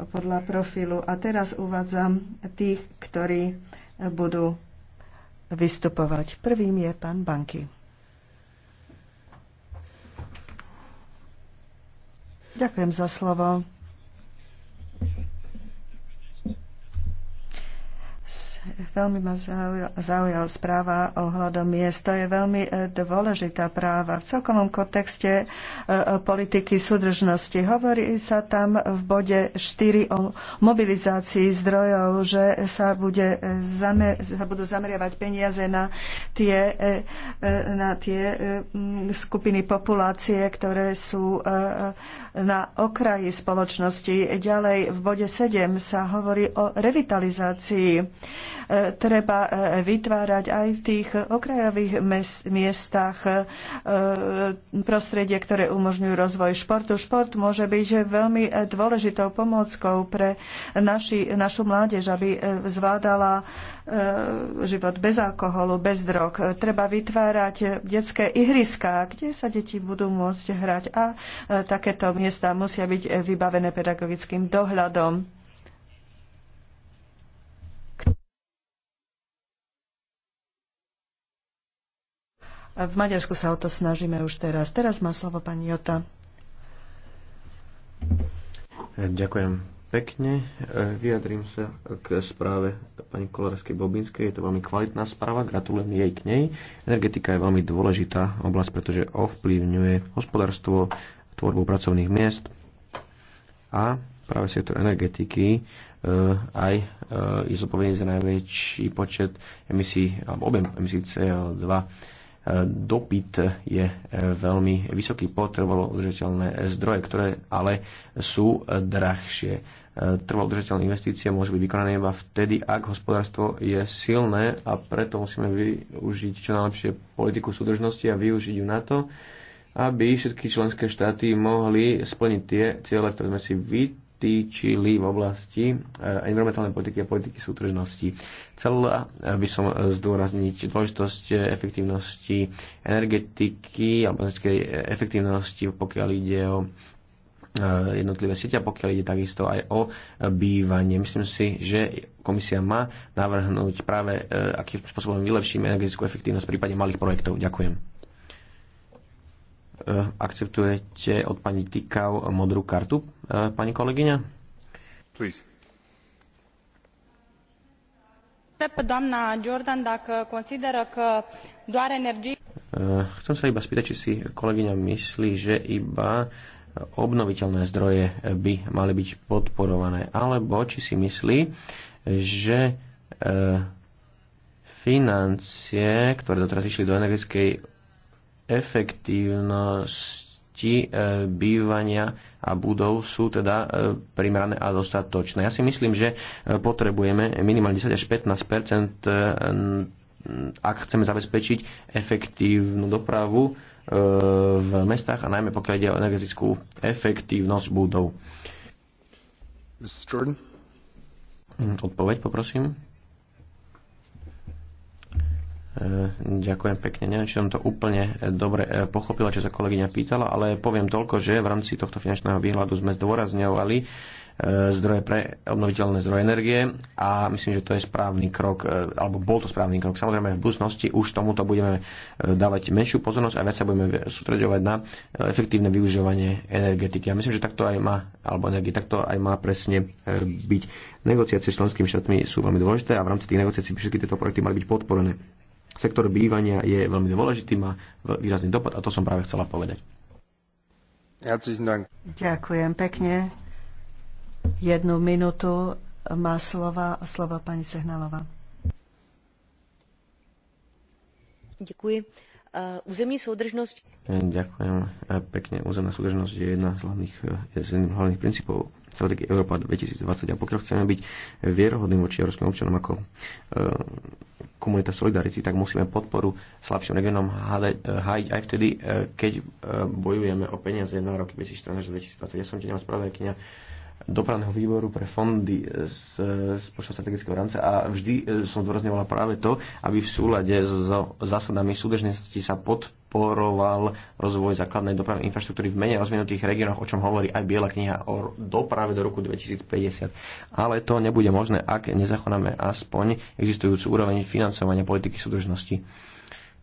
podľa profilu. A teraz uvádzam tých, ktorí budú vystupovať. Prvým je pán Banky. Ďakujem za slovo. Veľmi ma zaujala správa ohľadom miest. To je veľmi e, dôležitá práva. V celkovom kontexte e, e, politiky súdržnosti hovorí sa tam v bode 4 o mobilizácii zdrojov, že sa, bude zamer, sa budú zameriavať peniaze na tie, na tie skupiny populácie, ktoré sú na okraji spoločnosti. Ďalej v bode 7 sa hovorí o revitalizácii treba e, vytvárať aj v tých okrajových miestach e, prostredie, ktoré umožňujú rozvoj športu. Šport môže byť veľmi e, dôležitou pomôckou pre naši, našu mládež, aby zvládala život bez alkoholu, bez drog. Treba vytvárať detské ihriska, kde sa deti budú môcť hrať a takéto miesta musia byť vybavené pedagogickým dohľadom V Maďarsku sa o to snažíme už teraz. Teraz má slovo pani Jota. Ďakujem pekne. Vyjadrím sa k správe pani Kolárskej Bobinskej. Je to veľmi kvalitná správa, gratulujem jej k nej. Energetika je veľmi dôležitá oblasť, pretože ovplyvňuje hospodárstvo, tvorbu pracovných miest a práve sektor energetiky e, aj je zodpovedný za najväčší počet emisí alebo objem emisí CO2 dopyt je e, veľmi vysoký, potrebovalo udržateľné zdroje, ktoré ale sú drahšie. E, Trvalo udržateľné investície môžu byť vykonané iba vtedy, ak hospodárstvo je silné a preto musíme využiť čo najlepšie politiku súdržnosti a využiť ju na to, aby všetky členské štáty mohli splniť tie ciele, ktoré sme si vytvorili týčili v oblasti eh, environmentálnej politiky a politiky sútržnosti. Celá by som zdôrazniť dôležitosť efektívnosti energetiky alebo efektívnosti, pokiaľ ide o eh, jednotlivé siete a pokiaľ ide takisto aj o bývanie. Myslím si, že komisia má navrhnúť práve, eh, akým spôsobom vylepšíme energetickú efektívnosť v prípade malých projektov. Ďakujem. Eh, akceptujete od pani Tikau modrú kartu, eh, pani kolegyňa? Please. doamna Jordan dacă consideră că doar energie... Eh, chcem sa iba spýtať, či si kolegyňa myslí, že iba obnoviteľné zdroje by mali byť podporované, alebo či si myslí, že financie, ktoré doteraz išli do energetickej efektívnosti e, bývania a budov sú teda e, primerané a dostatočné. Ja si myslím, že e, potrebujeme minimálne 10 až 15 ak chceme zabezpečiť efektívnu dopravu v mestách a najmä pokiaľ ide o energetickú efektívnosť budov. Hm, odpoveď poprosím. E, ďakujem pekne. Neviem, či som to úplne e, dobre e, pochopila, čo sa kolegyňa pýtala, ale poviem toľko, že v rámci tohto finančného výhľadu sme zdôrazňovali zdroje pre obnoviteľné zdroje energie a myslím, že to je správny krok, alebo bol to správny krok. Samozrejme, v budúcnosti už tomuto budeme dávať menšiu pozornosť a viac sa budeme sústredovať na efektívne využívanie energetiky. A myslím, že takto aj má, alebo energie, takto aj má presne byť. Negociácie s členskými štátmi sú veľmi dôležité a v rámci tých negociácií by všetky tieto projekty mali byť podporené sektor bývania je veľmi dôležitý, má výrazný dopad a to som práve chcela povedať. Ďakujem pekne. Jednu minútu má slova, slova pani Sehnalová. Ďakujem Eh, územní súdržnosť... Eh, ďakujem eh, pekne. Územná súdržnosť je jedna z hlavných, z hlavných princípov stratégie Európa 2020 a pokiaľ chceme byť vierohodným voči európskym občanom ako komunita Solidarity, tak musíme podporu slabším regionom hájiť aj vtedy, keď bojujeme o peniaze na roky 2014-2020. Ja som tieňová spravodajkynia dopravného výboru pre fondy z, z počtu strategického rámca a vždy e, som zdôrazňovala práve to, aby v súlade so zásadami súdržnosti sa podporoval rozvoj základnej dopravnej infraštruktúry v menej rozvinutých regiónoch, o čom hovorí aj Biela kniha o doprave do roku 2050. Ale to nebude možné, ak nezachováme aspoň existujúcu úroveň financovania politiky súdržnosti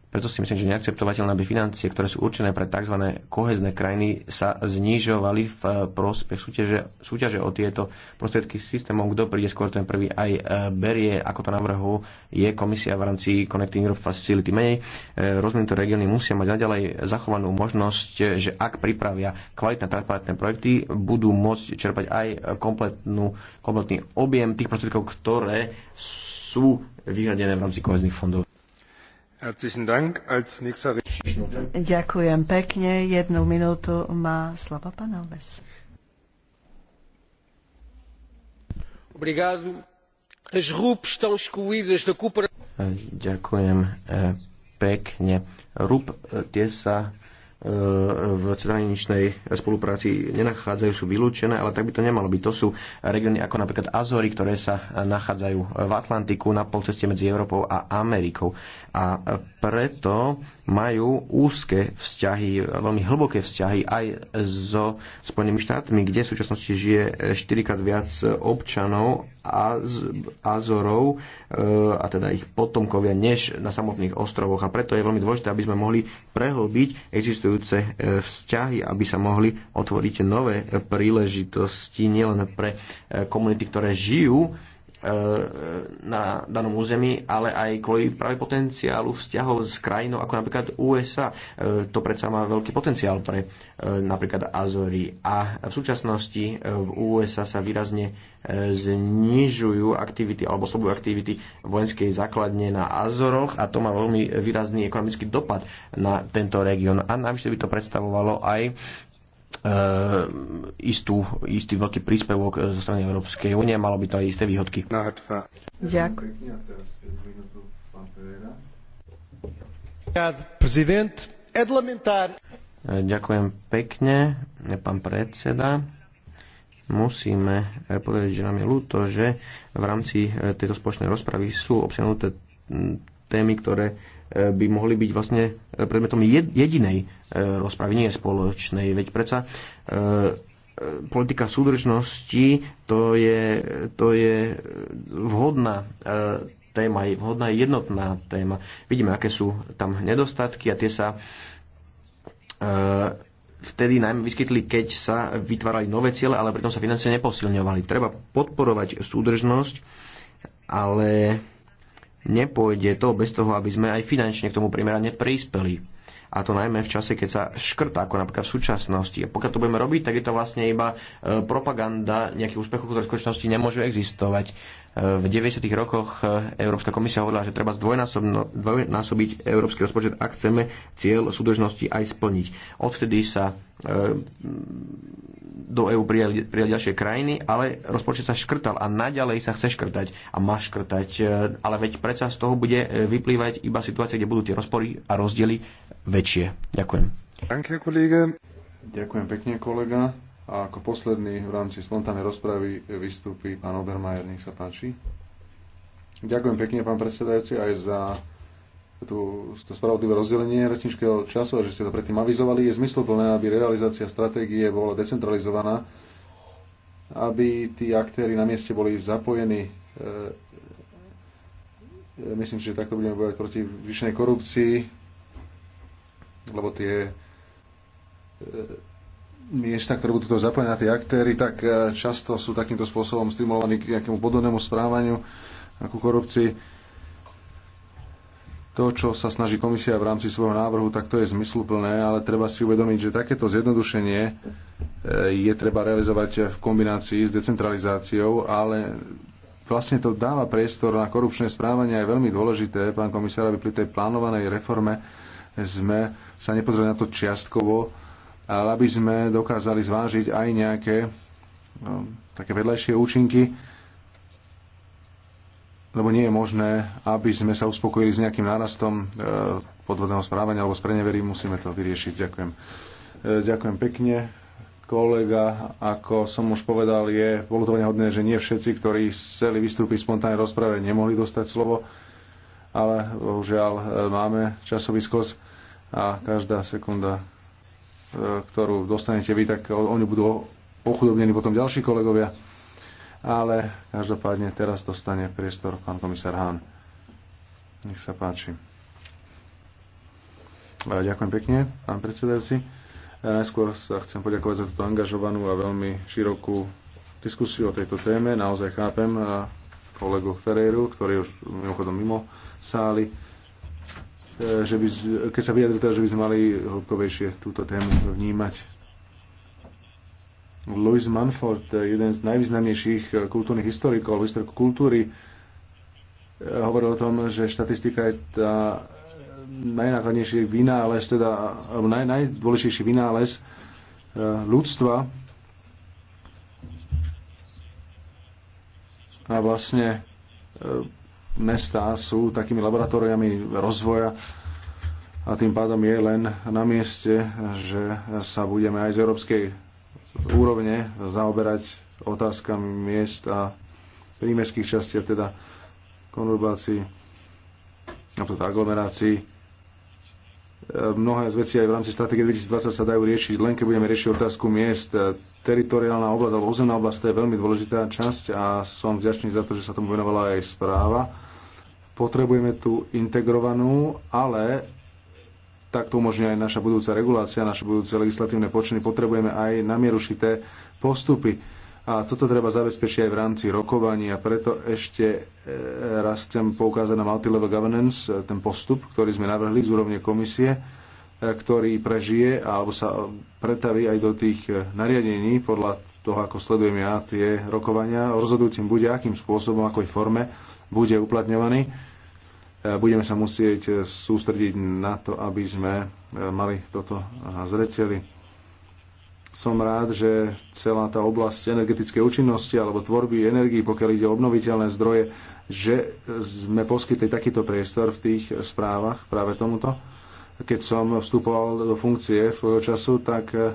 preto si myslím, že neakceptovateľné, aby financie, ktoré sú určené pre tzv. kohezné krajiny, sa znižovali v eh, prospech súťaže, súťaže o tieto prostriedky systémov. Kto príde skôr ten prvý aj eh, berie, ako to navrhu je komisia v rámci Connecting Europe Facility. Menej eh, rozvinuté regióny musia mať naďalej zachovanú možnosť, že ak pripravia kvalitné transparentné projekty, budú môcť čerpať aj kompletnú, kompletný objem tých prostriedkov, ktoré sú vyhradené v rámci kohezných fondov. Ďakujem pekne. Jednu minútu má slovo pán Alves. Ďakujem eh, pekne. RUP eh, tie sa eh, v cezhraničnej spolupráci nenachádzajú, sú vylúčené, ale tak by to nemalo byť. To sú regióny ako napríklad Azory, ktoré sa nachádzajú v Atlantiku na polceste medzi Európou a Amerikou a preto majú úzke vzťahy, veľmi hlboké vzťahy aj so Spojenými štátmi, kde v súčasnosti žije 4 viac občanov a Azorov e, a teda ich potomkovia než na samotných ostrovoch. A preto je veľmi dôležité, aby sme mohli prehlbiť existujúce e, vzťahy, aby sa mohli otvoriť nové príležitosti nielen pre e, komunity, ktoré žijú E, na danom území, ale aj kvôli práve potenciálu vzťahov s krajinou ako napríklad USA. E, to predsa má veľký potenciál pre e, napríklad Azory. A v súčasnosti v USA sa výrazne znižujú aktivity alebo slobujú aktivity vojenskej základne na Azoroch a to má veľmi výrazný ekonomický dopad na tento región. A navyše by to predstavovalo aj Eh, istú, istý veľký príspevok eh, zo strany Európskej únie, malo by to aj isté výhodky. No, ďakujem. Eh, ďakujem pekne, pán predseda. Musíme povedať, že nám je ľúto, že v rámci tejto spoločnej rozpravy sú obsiahnuté hm, témy, ktoré by mohli byť vlastne e, predmetom jedinej e, rozpravy, nie spoločnej. Veď predsa e, politika súdržnosti to je, to je vhodná téma, je vhodná jednotná téma. Vidíme, aké sú tam nedostatky a tie sa vtedy najmä vyskytli, keď sa vytvárali nové ciele, ale pritom sa financie neposilňovali. Treba podporovať súdržnosť, ale nepôjde to bez toho, aby sme aj finančne k tomu primerane prispeli a to najmä v čase, keď sa škrta, ako napríklad v súčasnosti. A pokiaľ to budeme robiť, tak je to vlastne iba e, propaganda nejakých úspechov, ktoré v skutočnosti nemôžu existovať. E, v 90. rokoch e, Európska komisia hovorila, že treba dvojnásobiť európsky rozpočet, ak chceme cieľ súdržnosti aj splniť. Odvtedy sa do EÚ prijali, prijali ďalšie krajiny, ale rozpočet sa škrtal a naďalej sa chce škrtať a má škrtať. Ale veď predsa z toho bude vyplývať iba situácia, kde budú tie rozpory a rozdiely väčšie. Ďakujem. Danke, Ďakujem pekne, kolega. A ako posledný v rámci spontánnej rozpravy vystúpi pán Obermajer, nech sa páči. Ďakujem pekne, pán predsedajúci, aj za tú, to spravodlivé rozdelenie resničkého času a že ste to predtým avizovali. Je zmysluplné, aby realizácia stratégie bola decentralizovaná, aby tí aktéry na mieste boli zapojení. E, e myslím, že takto budeme bojovať proti vyššej korupcii, lebo tie e, miesta, ktoré budú toto zapojené tie aktéry, tak e, často sú takýmto spôsobom stimulovaní k nejakému podobnému správaniu a ku korupcii. To, čo sa snaží komisia v rámci svojho návrhu, tak to je zmysluplné, ale treba si uvedomiť, že takéto zjednodušenie e, je treba realizovať v kombinácii s decentralizáciou, ale vlastne to dáva priestor na korupčné správanie a je veľmi dôležité, pán komisár, aby pri tej plánovanej reforme sme sa nepozreli na to čiastkovo, ale aby sme dokázali zvážiť aj nejaké no, také vedľajšie účinky, lebo nie je možné, aby sme sa uspokojili s nejakým nárastom e, podvodného správania alebo spreneverí, musíme to vyriešiť. Ďakujem. E, ďakujem pekne. Kolega, ako som už povedal, je polutovania hodné, že nie všetci, ktorí chceli vystúpiť v spontánnej rozprave, nemohli dostať slovo, ale bohužiaľ e, máme časový skos a každá sekunda, e, ktorú dostanete vy, tak oni budú ochudobnení potom ďalší kolegovia. Ale každopádne teraz dostane priestor pán komisár Hán. Nech sa páči. Ďakujem pekne, pán predsedajúci. E, najskôr sa chcem poďakovať za túto angažovanú a veľmi širokú diskusiu o tejto téme. Naozaj chápem e, kolegu Ferreiru, ktorý je už mimochodom mimo sály E, že by, keď sa vyjadril teda, že by sme mali hĺbkovejšie túto tému vnímať. Louis Manford, e, jeden z najvýznamnejších e, kultúrnych historikov, historik kultúry, hovoril o tom, že štatistika je tá najnákladnejší vynález, teda, alebo naj, najdôležitejší vynález ľudstva. A vlastne mestá sú takými laboratóriami rozvoja a tým pádom je len na mieste, že sa budeme aj z európskej úrovne zaoberať otázkami miest a prímeských častiach, teda konurbácií a aglomerácií E, mnohé z veci aj v rámci stratégie 2020 sa dajú riešiť, len keď budeme riešiť otázku miest. E, teritoriálna oblasť alebo územná oblasť to je veľmi dôležitá časť a som vďačný za to, že sa tomu venovala aj správa. Potrebujeme tu integrovanú, ale tak to umožňuje aj naša budúca regulácia, naše budúce legislatívne počiny. Potrebujeme aj namierušité postupy a toto treba zabezpečiť aj v rámci rokovania. Preto ešte e, raz chcem poukázať na multilevel governance, e, ten postup, ktorý sme navrhli z úrovne komisie, e, ktorý prežije alebo sa pretaví aj do tých nariadení podľa toho, ako sledujem ja tie rokovania. Rozhodujúcim bude, akým spôsobom, akoj forme bude uplatňovaný. Budeme sa musieť sústrediť na to, aby sme mali toto na zreteli som rád, že celá tá oblasť energetickej účinnosti alebo tvorby energii, pokiaľ ide o obnoviteľné zdroje, že sme poskytli takýto priestor v tých správach práve tomuto. Keď som vstupoval do funkcie svojho času, tak eh,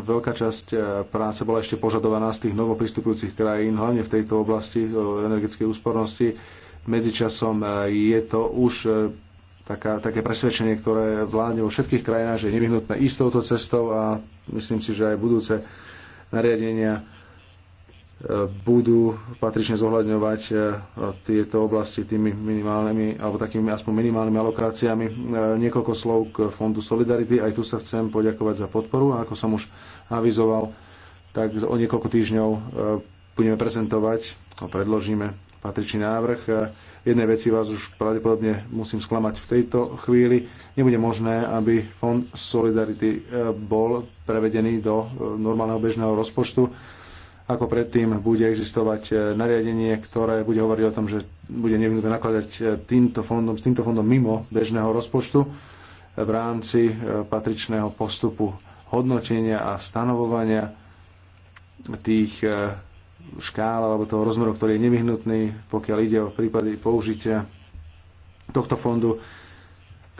veľká časť eh, práce bola ešte požadovaná z tých novopristupujúcich krajín, hlavne v tejto oblasti eh, energetickej úspornosti. Medzičasom je to už taká, také presvedčenie, ktoré vládne vo všetkých krajinách, že je nevyhnutné ísť touto cestou a myslím si, že aj budúce nariadenia e, budú patrične zohľadňovať e, tieto oblasti tými minimálnymi, alebo takými aspoň minimálnymi alokáciami. E, niekoľko slov k Fondu Solidarity. Aj tu sa chcem poďakovať za podporu. A ako som už avizoval, tak o niekoľko týždňov budeme prezentovať a predložíme patričný návrh jednej veci vás už pravdepodobne musím sklamať v tejto chvíli. Nebude možné, aby Fond Solidarity e, bol prevedený do e, normálneho bežného rozpočtu. Ako predtým bude existovať e, nariadenie, ktoré bude hovoriť o tom, že bude nevyhnuté nakladať týmto fondom, s týmto fondom mimo bežného rozpočtu v rámci patričného postupu hodnotenia a stanovovania tých škála alebo toho rozmeru, ktorý je nevyhnutný, pokiaľ ide o prípady použitia tohto fondu.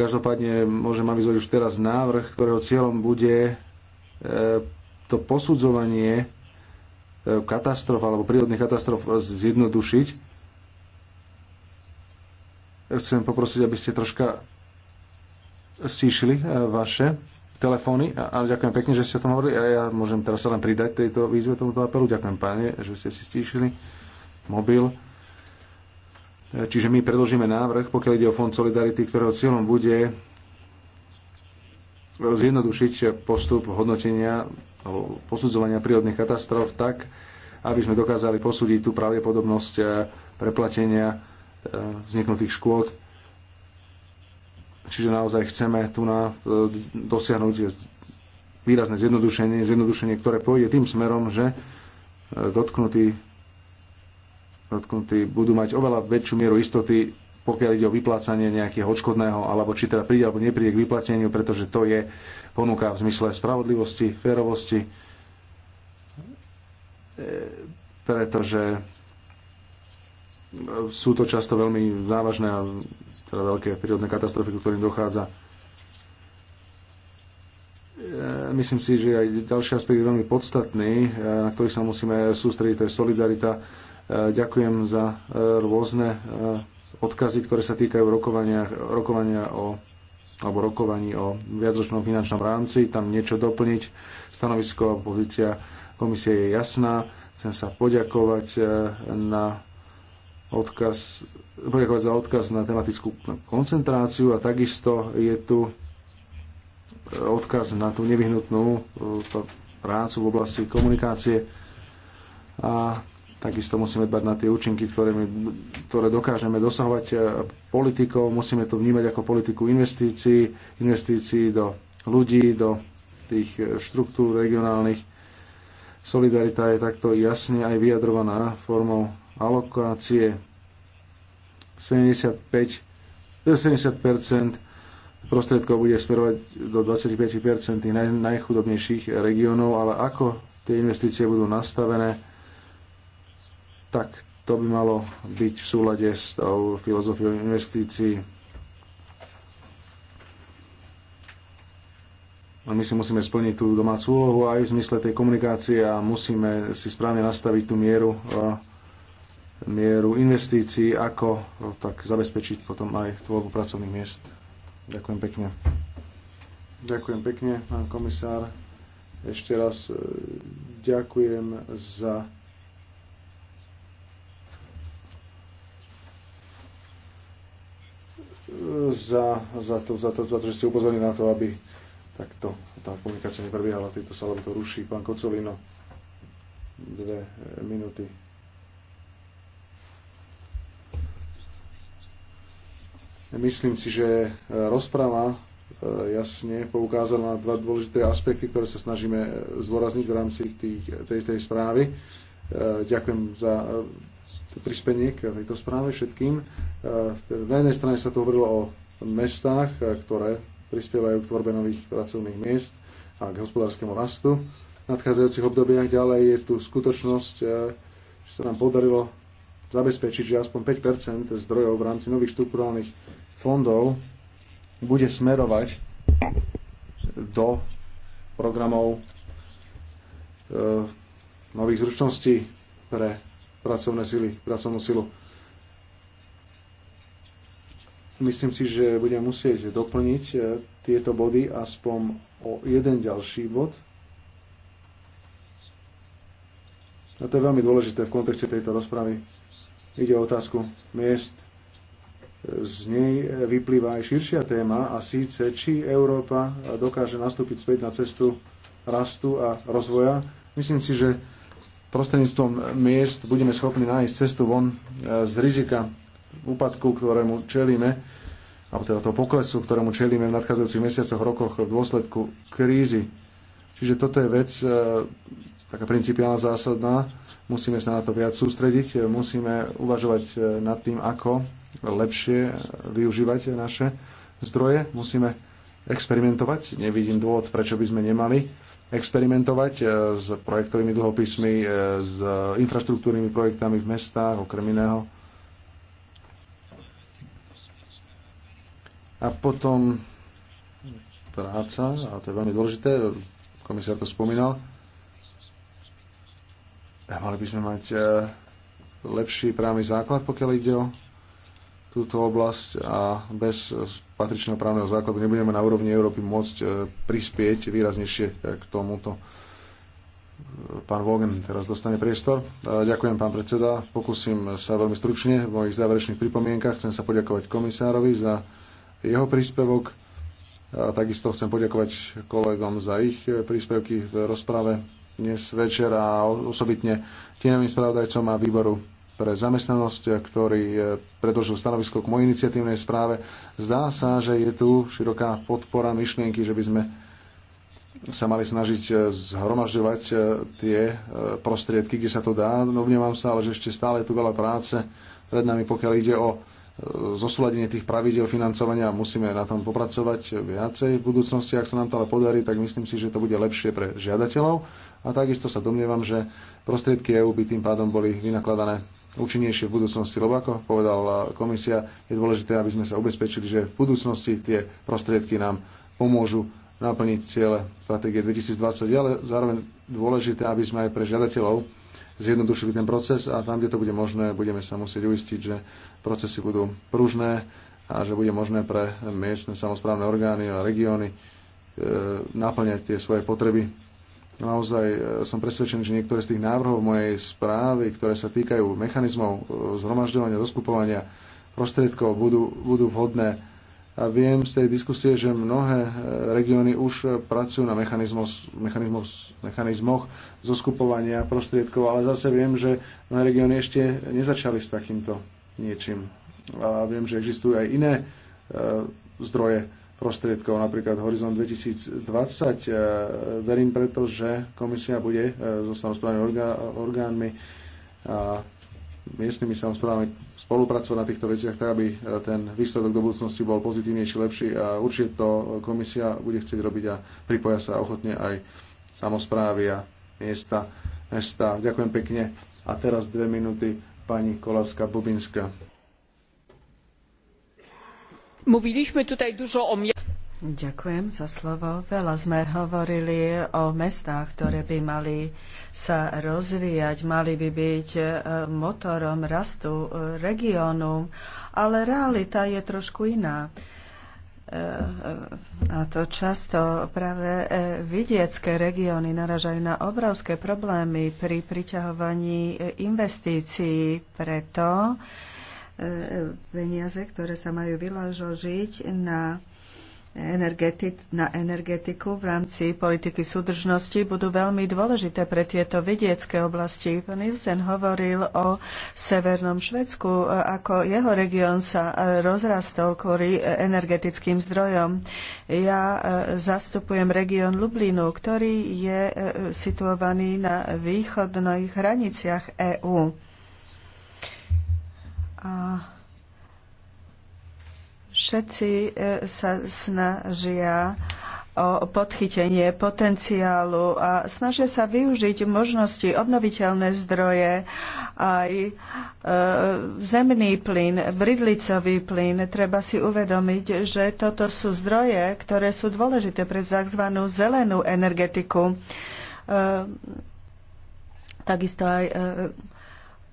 Každopádne môžem avizovať už teraz návrh, ktorého cieľom bude e, to posudzovanie e, katastrof alebo prírodných katastrof zjednodušiť. Chcem poprosiť, aby ste troška stíšili e, vaše telefóny. A, a ďakujem pekne, že ste o tom hovorili. A ja môžem teraz sa len pridať tejto výzve, tomuto apelu. Ďakujem, páne, že ste si stíšili mobil. Čiže my predložíme návrh, pokiaľ ide o Fond Solidarity, ktorého cieľom bude zjednodušiť postup hodnotenia alebo posudzovania prírodných katastrof tak, aby sme dokázali posúdiť tú pravdepodobnosť preplatenia eh, vzniknutých škôd Čiže naozaj chceme tu na, e, dosiahnuť výrazné zjednodušenie, zjednodušenie, ktoré pôjde tým smerom, že e, dotknutí, dotknutí budú mať oveľa väčšiu mieru istoty, pokiaľ ide o vyplácanie nejakého odškodného, alebo či teda príde alebo nepríde k vyplateniu, pretože to je ponuka v zmysle spravodlivosti, férovosti, e, pretože sú to často veľmi závažné a teda veľké prírodné katastrofy, ku ktorým dochádza. E, myslím si, že aj ďalší aspekt je veľmi podstatný, e, na ktorý sa musíme sústrediť, to je solidarita. E, ďakujem za rôzne odkazy, ktoré sa týkajú rokovania, rokovania o alebo rokovaní o viacročnom finančnom rámci, tam niečo doplniť. Stanovisko a pozícia komisie je jasná. Chcem sa poďakovať na odkaz, poďakovať za odkaz na tematickú koncentráciu a takisto je tu odkaz na tú nevyhnutnú e, prácu v oblasti komunikácie a takisto musíme dbať na tie účinky, ktoré, my, ktoré dokážeme dosahovať e, politikou. Musíme to vnímať ako politiku investícií, investícií do ľudí, do tých e, štruktúr regionálnych. Solidarita je takto jasne aj vyjadrovaná formou alokácie 75, 70 eh, prostriedkov bude smerovať do 25 tých naj, najchudobnejších regiónov, ale ako tie investície budú nastavené, tak to by malo byť v súlade s tou filozofiou investícií. A my si musíme splniť tú domácu úlohu aj v zmysle tej komunikácie a musíme si správne nastaviť tú mieru eh, mieru investícií, ako no, tak zabezpečiť potom aj tvorbu pracovných miest. Ďakujem pekne. Ďakujem pekne, pán komisár. Ešte raz e, ďakujem za za, za, to, za, to, za to, že ste upozorili na to, aby takto tá komunikácia neprebiehala. tieto sa to ruší. Pán Kocolino, dve e, minúty. Myslím si, že e, rozprava e, jasne poukázala na dva dôležité aspekty, ktoré sa snažíme e, zdôrazniť v rámci tých, tej, tej správy. Ďakujem za prispenie k tejto správe všetkým. Na jednej strane sa to hovorilo o mestách, ktoré prispievajú k tvorbe nových pracovných miest a k hospodárskému rastu. V nadchádzajúcich obdobiach ďalej je tu skutočnosť, že sa nám podarilo zabezpečiť, že aspoň 5 zdrojov v rámci nových štruktúrálnych fondov bude smerovať do programov e, nových zručností pre pracovné sily, pracovnú silu. Myslím si, že budem musieť doplniť e, tieto body aspoň o jeden ďalší bod. A to je veľmi dôležité v kontexte tejto rozpravy. Ide o otázku miest z nej vyplýva aj širšia téma a síce, či Európa dokáže nastúpiť späť na cestu rastu a rozvoja. Myslím si, že prostredníctvom miest budeme schopní nájsť cestu von e, z rizika úpadku, ktorému čelíme, alebo teda toho poklesu, ktorému čelíme v nadchádzajúcich mesiacoch, rokoch v dôsledku krízy. Čiže toto je vec e, taká principiálna zásadná. Musíme sa na to viac sústrediť, musíme uvažovať e, nad tým, ako lepšie využívať naše zdroje, musíme experimentovať. Nevidím dôvod, prečo by sme nemali experimentovať eh, s projektovými dlhopismi, eh, s infraštruktúrnymi projektami v mestách, okrem iného. A potom práca, a to je veľmi dôležité, komisár to spomínal, mali by sme mať eh, lepší právny základ, pokiaľ ide o túto oblasť a bez patričného právneho základu nebudeme na úrovni Európy môcť e, prispieť výraznejšie k tomuto. Pán Vogen teraz dostane priestor. E, ďakujem, pán predseda. Pokúsim sa veľmi stručne v mojich záverečných pripomienkach. Chcem sa poďakovať komisárovi za jeho príspevok. A e, takisto chcem poďakovať kolegom za ich príspevky v rozprave dnes večer a osobitne tieňovým spravodajcom a výboru pre zamestnanosť, ktorý eh, predložil stanovisko k mojej iniciatívnej správe. Zdá sa, že je tu široká podpora myšlienky, že by sme sa mali snažiť eh, zhromažďovať eh, tie prostriedky, kde sa to dá. No, vnímam sa, ale že ešte stále je tu veľa práce pred nami, pokiaľ ide o zosúladenie tých pravidel financovania. Musíme na tom popracovať viacej v budúcnosti. Ak sa nám to ale podarí, tak myslím si, že to bude lepšie pre žiadateľov. A takisto sa domnievam, že prostriedky EU by tým pádom boli vynakladané účinnejšie v budúcnosti, lebo ako povedala komisia, je dôležité, aby sme sa ubezpečili, že v budúcnosti tie prostriedky nám pomôžu naplniť ciele stratégie 2020, ale zároveň dôležité, aby sme aj pre žiadateľov zjednodušili ten proces a tam, kde to bude možné, budeme sa musieť uistiť, že procesy budú pružné a že bude možné pre miestne samozprávne orgány a regióny e, naplňať tie svoje potreby Naozaj e, som presvedčený, že niektoré z tých návrhov mojej správy, ktoré sa týkajú mechanizmov e, zhromažďovania, rozkupovania prostriedkov, budú, budú vhodné. A viem z tej diskusie, že mnohé e, regióny už pracujú na mechanizmoch, mechanizmoch, zoskupovania prostriedkov, ale zase viem, že mnohé regióny ešte nezačali s takýmto niečím. A viem, že existujú aj iné e, zdroje prostriedkov, napríklad Horizon 2020. E, verím preto, že komisia bude e, so samozprávnymi orgánmi a miestnymi samozprávami spolupracovať na týchto veciach, tak aby e, ten výsledok do budúcnosti bol pozitívnejší, lepší a určite to komisia bude chcieť robiť a pripoja sa ochotne aj samozprávy a miesta, mesta. Ďakujem pekne. A teraz dve minúty pani Kolavská Bubinská. Mówiliśmy tutaj dużo o Ďakujem za slovo. Veľa sme hovorili o mestách, ktoré by mali sa rozvíjať, mali by byť e, motorom rastu e, regiónu, ale realita je trošku iná. E, a to často práve vidiecké regióny naražajú na obrovské problémy pri priťahovaní investícií. Preto peniaze, ktoré sa majú vyložiť na na energetiku v rámci politiky súdržnosti budú veľmi dôležité pre tieto vidiecké oblasti. Pán Ilsen hovoril o severnom Švedsku, ako jeho región sa rozrastol kvôli energetickým zdrojom. Ja e, zastupujem región Lublinu, ktorý je e, situovaný na východných hraniciach EÚ a všetci e, sa snažia o podchytenie potenciálu a snažia sa využiť možnosti obnoviteľné zdroje, aj e, zemný plyn, bridlicový plyn. Treba si uvedomiť, že toto sú zdroje, ktoré sú dôležité pre tzv. zelenú energetiku. E, takisto aj e,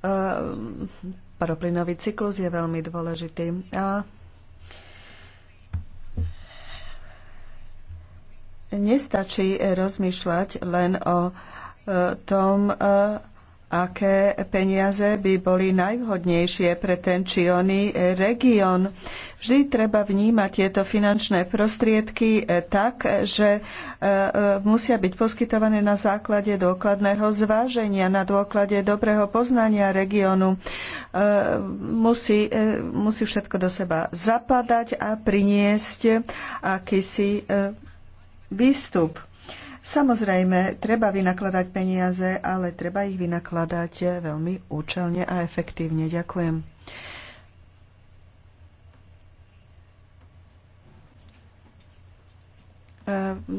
e paroplynový cyklus je veľmi dôležitý. A nestačí rozmýšľať len o e, tom, e, aké peniaze by boli najvhodnejšie pre ten či oný región. Vždy treba vnímať tieto finančné prostriedky eh, tak, že eh, eh, musia byť poskytované na základe dôkladného zváženia, na dôklade dobrého poznania regiónu. Musí, musí všetko do seba zapadať a priniesť akýsi výstup Samozrejme, treba vynakladať peniaze, ale treba ich vynakladať veľmi účelne a efektívne. Ďakujem. E,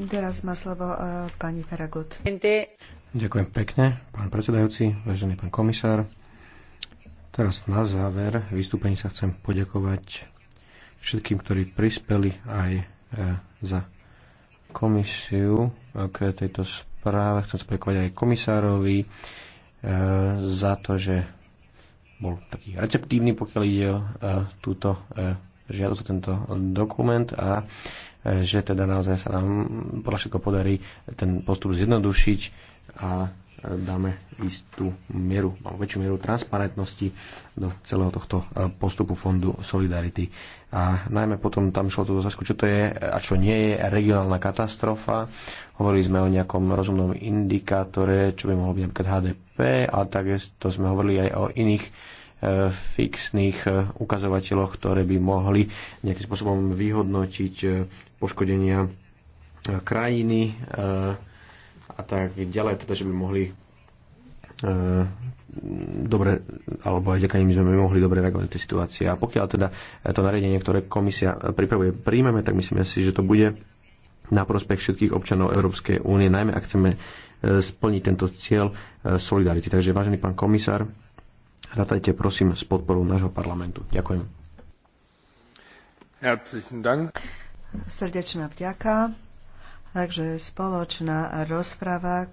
teraz má slovo e, pani Feragut. Ďakujem pekne, pán predsedajúci, vážený pán komisár. Teraz na záver vystúpení sa chcem poďakovať všetkým, ktorí prispeli aj e, za komisiu k tejto správe. Chcem sa aj komisárovi e, za to, že bol taký receptívny, pokiaľ ide o e, túto e, žiadosť, tento dokument a e, že teda naozaj sa nám podľa všetko podarí ten postup zjednodušiť a dáme istú mieru, alebo väčšiu mieru transparentnosti do celého tohto e, postupu Fondu Solidarity. A najmä potom tam išlo to otázku, čo to je a čo nie je regionálna katastrofa. Hovorili sme o nejakom rozumnom indikátore, čo by mohlo byť napríklad HDP, a takisto sme hovorili aj o iných e, fixných e, ukazovateľoch, ktoré by mohli nejakým spôsobom vyhodnotiť poškodenia krajiny, a tak ďalej, teda že by mohli e, dobre, alebo aj ďaká im sme mohli dobre reagovať na tie situácie. A pokiaľ teda to nariadenie, ktoré komisia pripravuje, príjmeme, tak myslíme si, že to bude na prospech všetkých občanov Európskej únie, najmä ak chceme e, splniť tento cieľ e, solidarity. Takže, vážený pán komisár, ratajte prosím s podporou nášho parlamentu. Ďakujem. Srdečná vďaka. Takže spoločná rozprava e,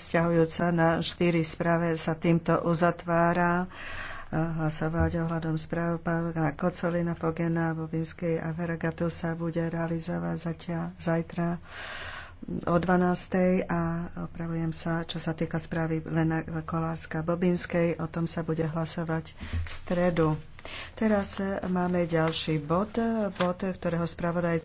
vzťahujúca na štyri správe sa týmto uzatvára e, hlasovať ohľadom správ pána Kocolina, Fogena, Bobinskej a Veragatu sa bude realizovať zatiaľ, zajtra o 12. a opravujem sa, čo sa týka správy Lena Kolárska Bobinskej, o tom sa bude hlasovať v stredu. Teraz e, máme ďalší bod, bod, ktorého spravodaj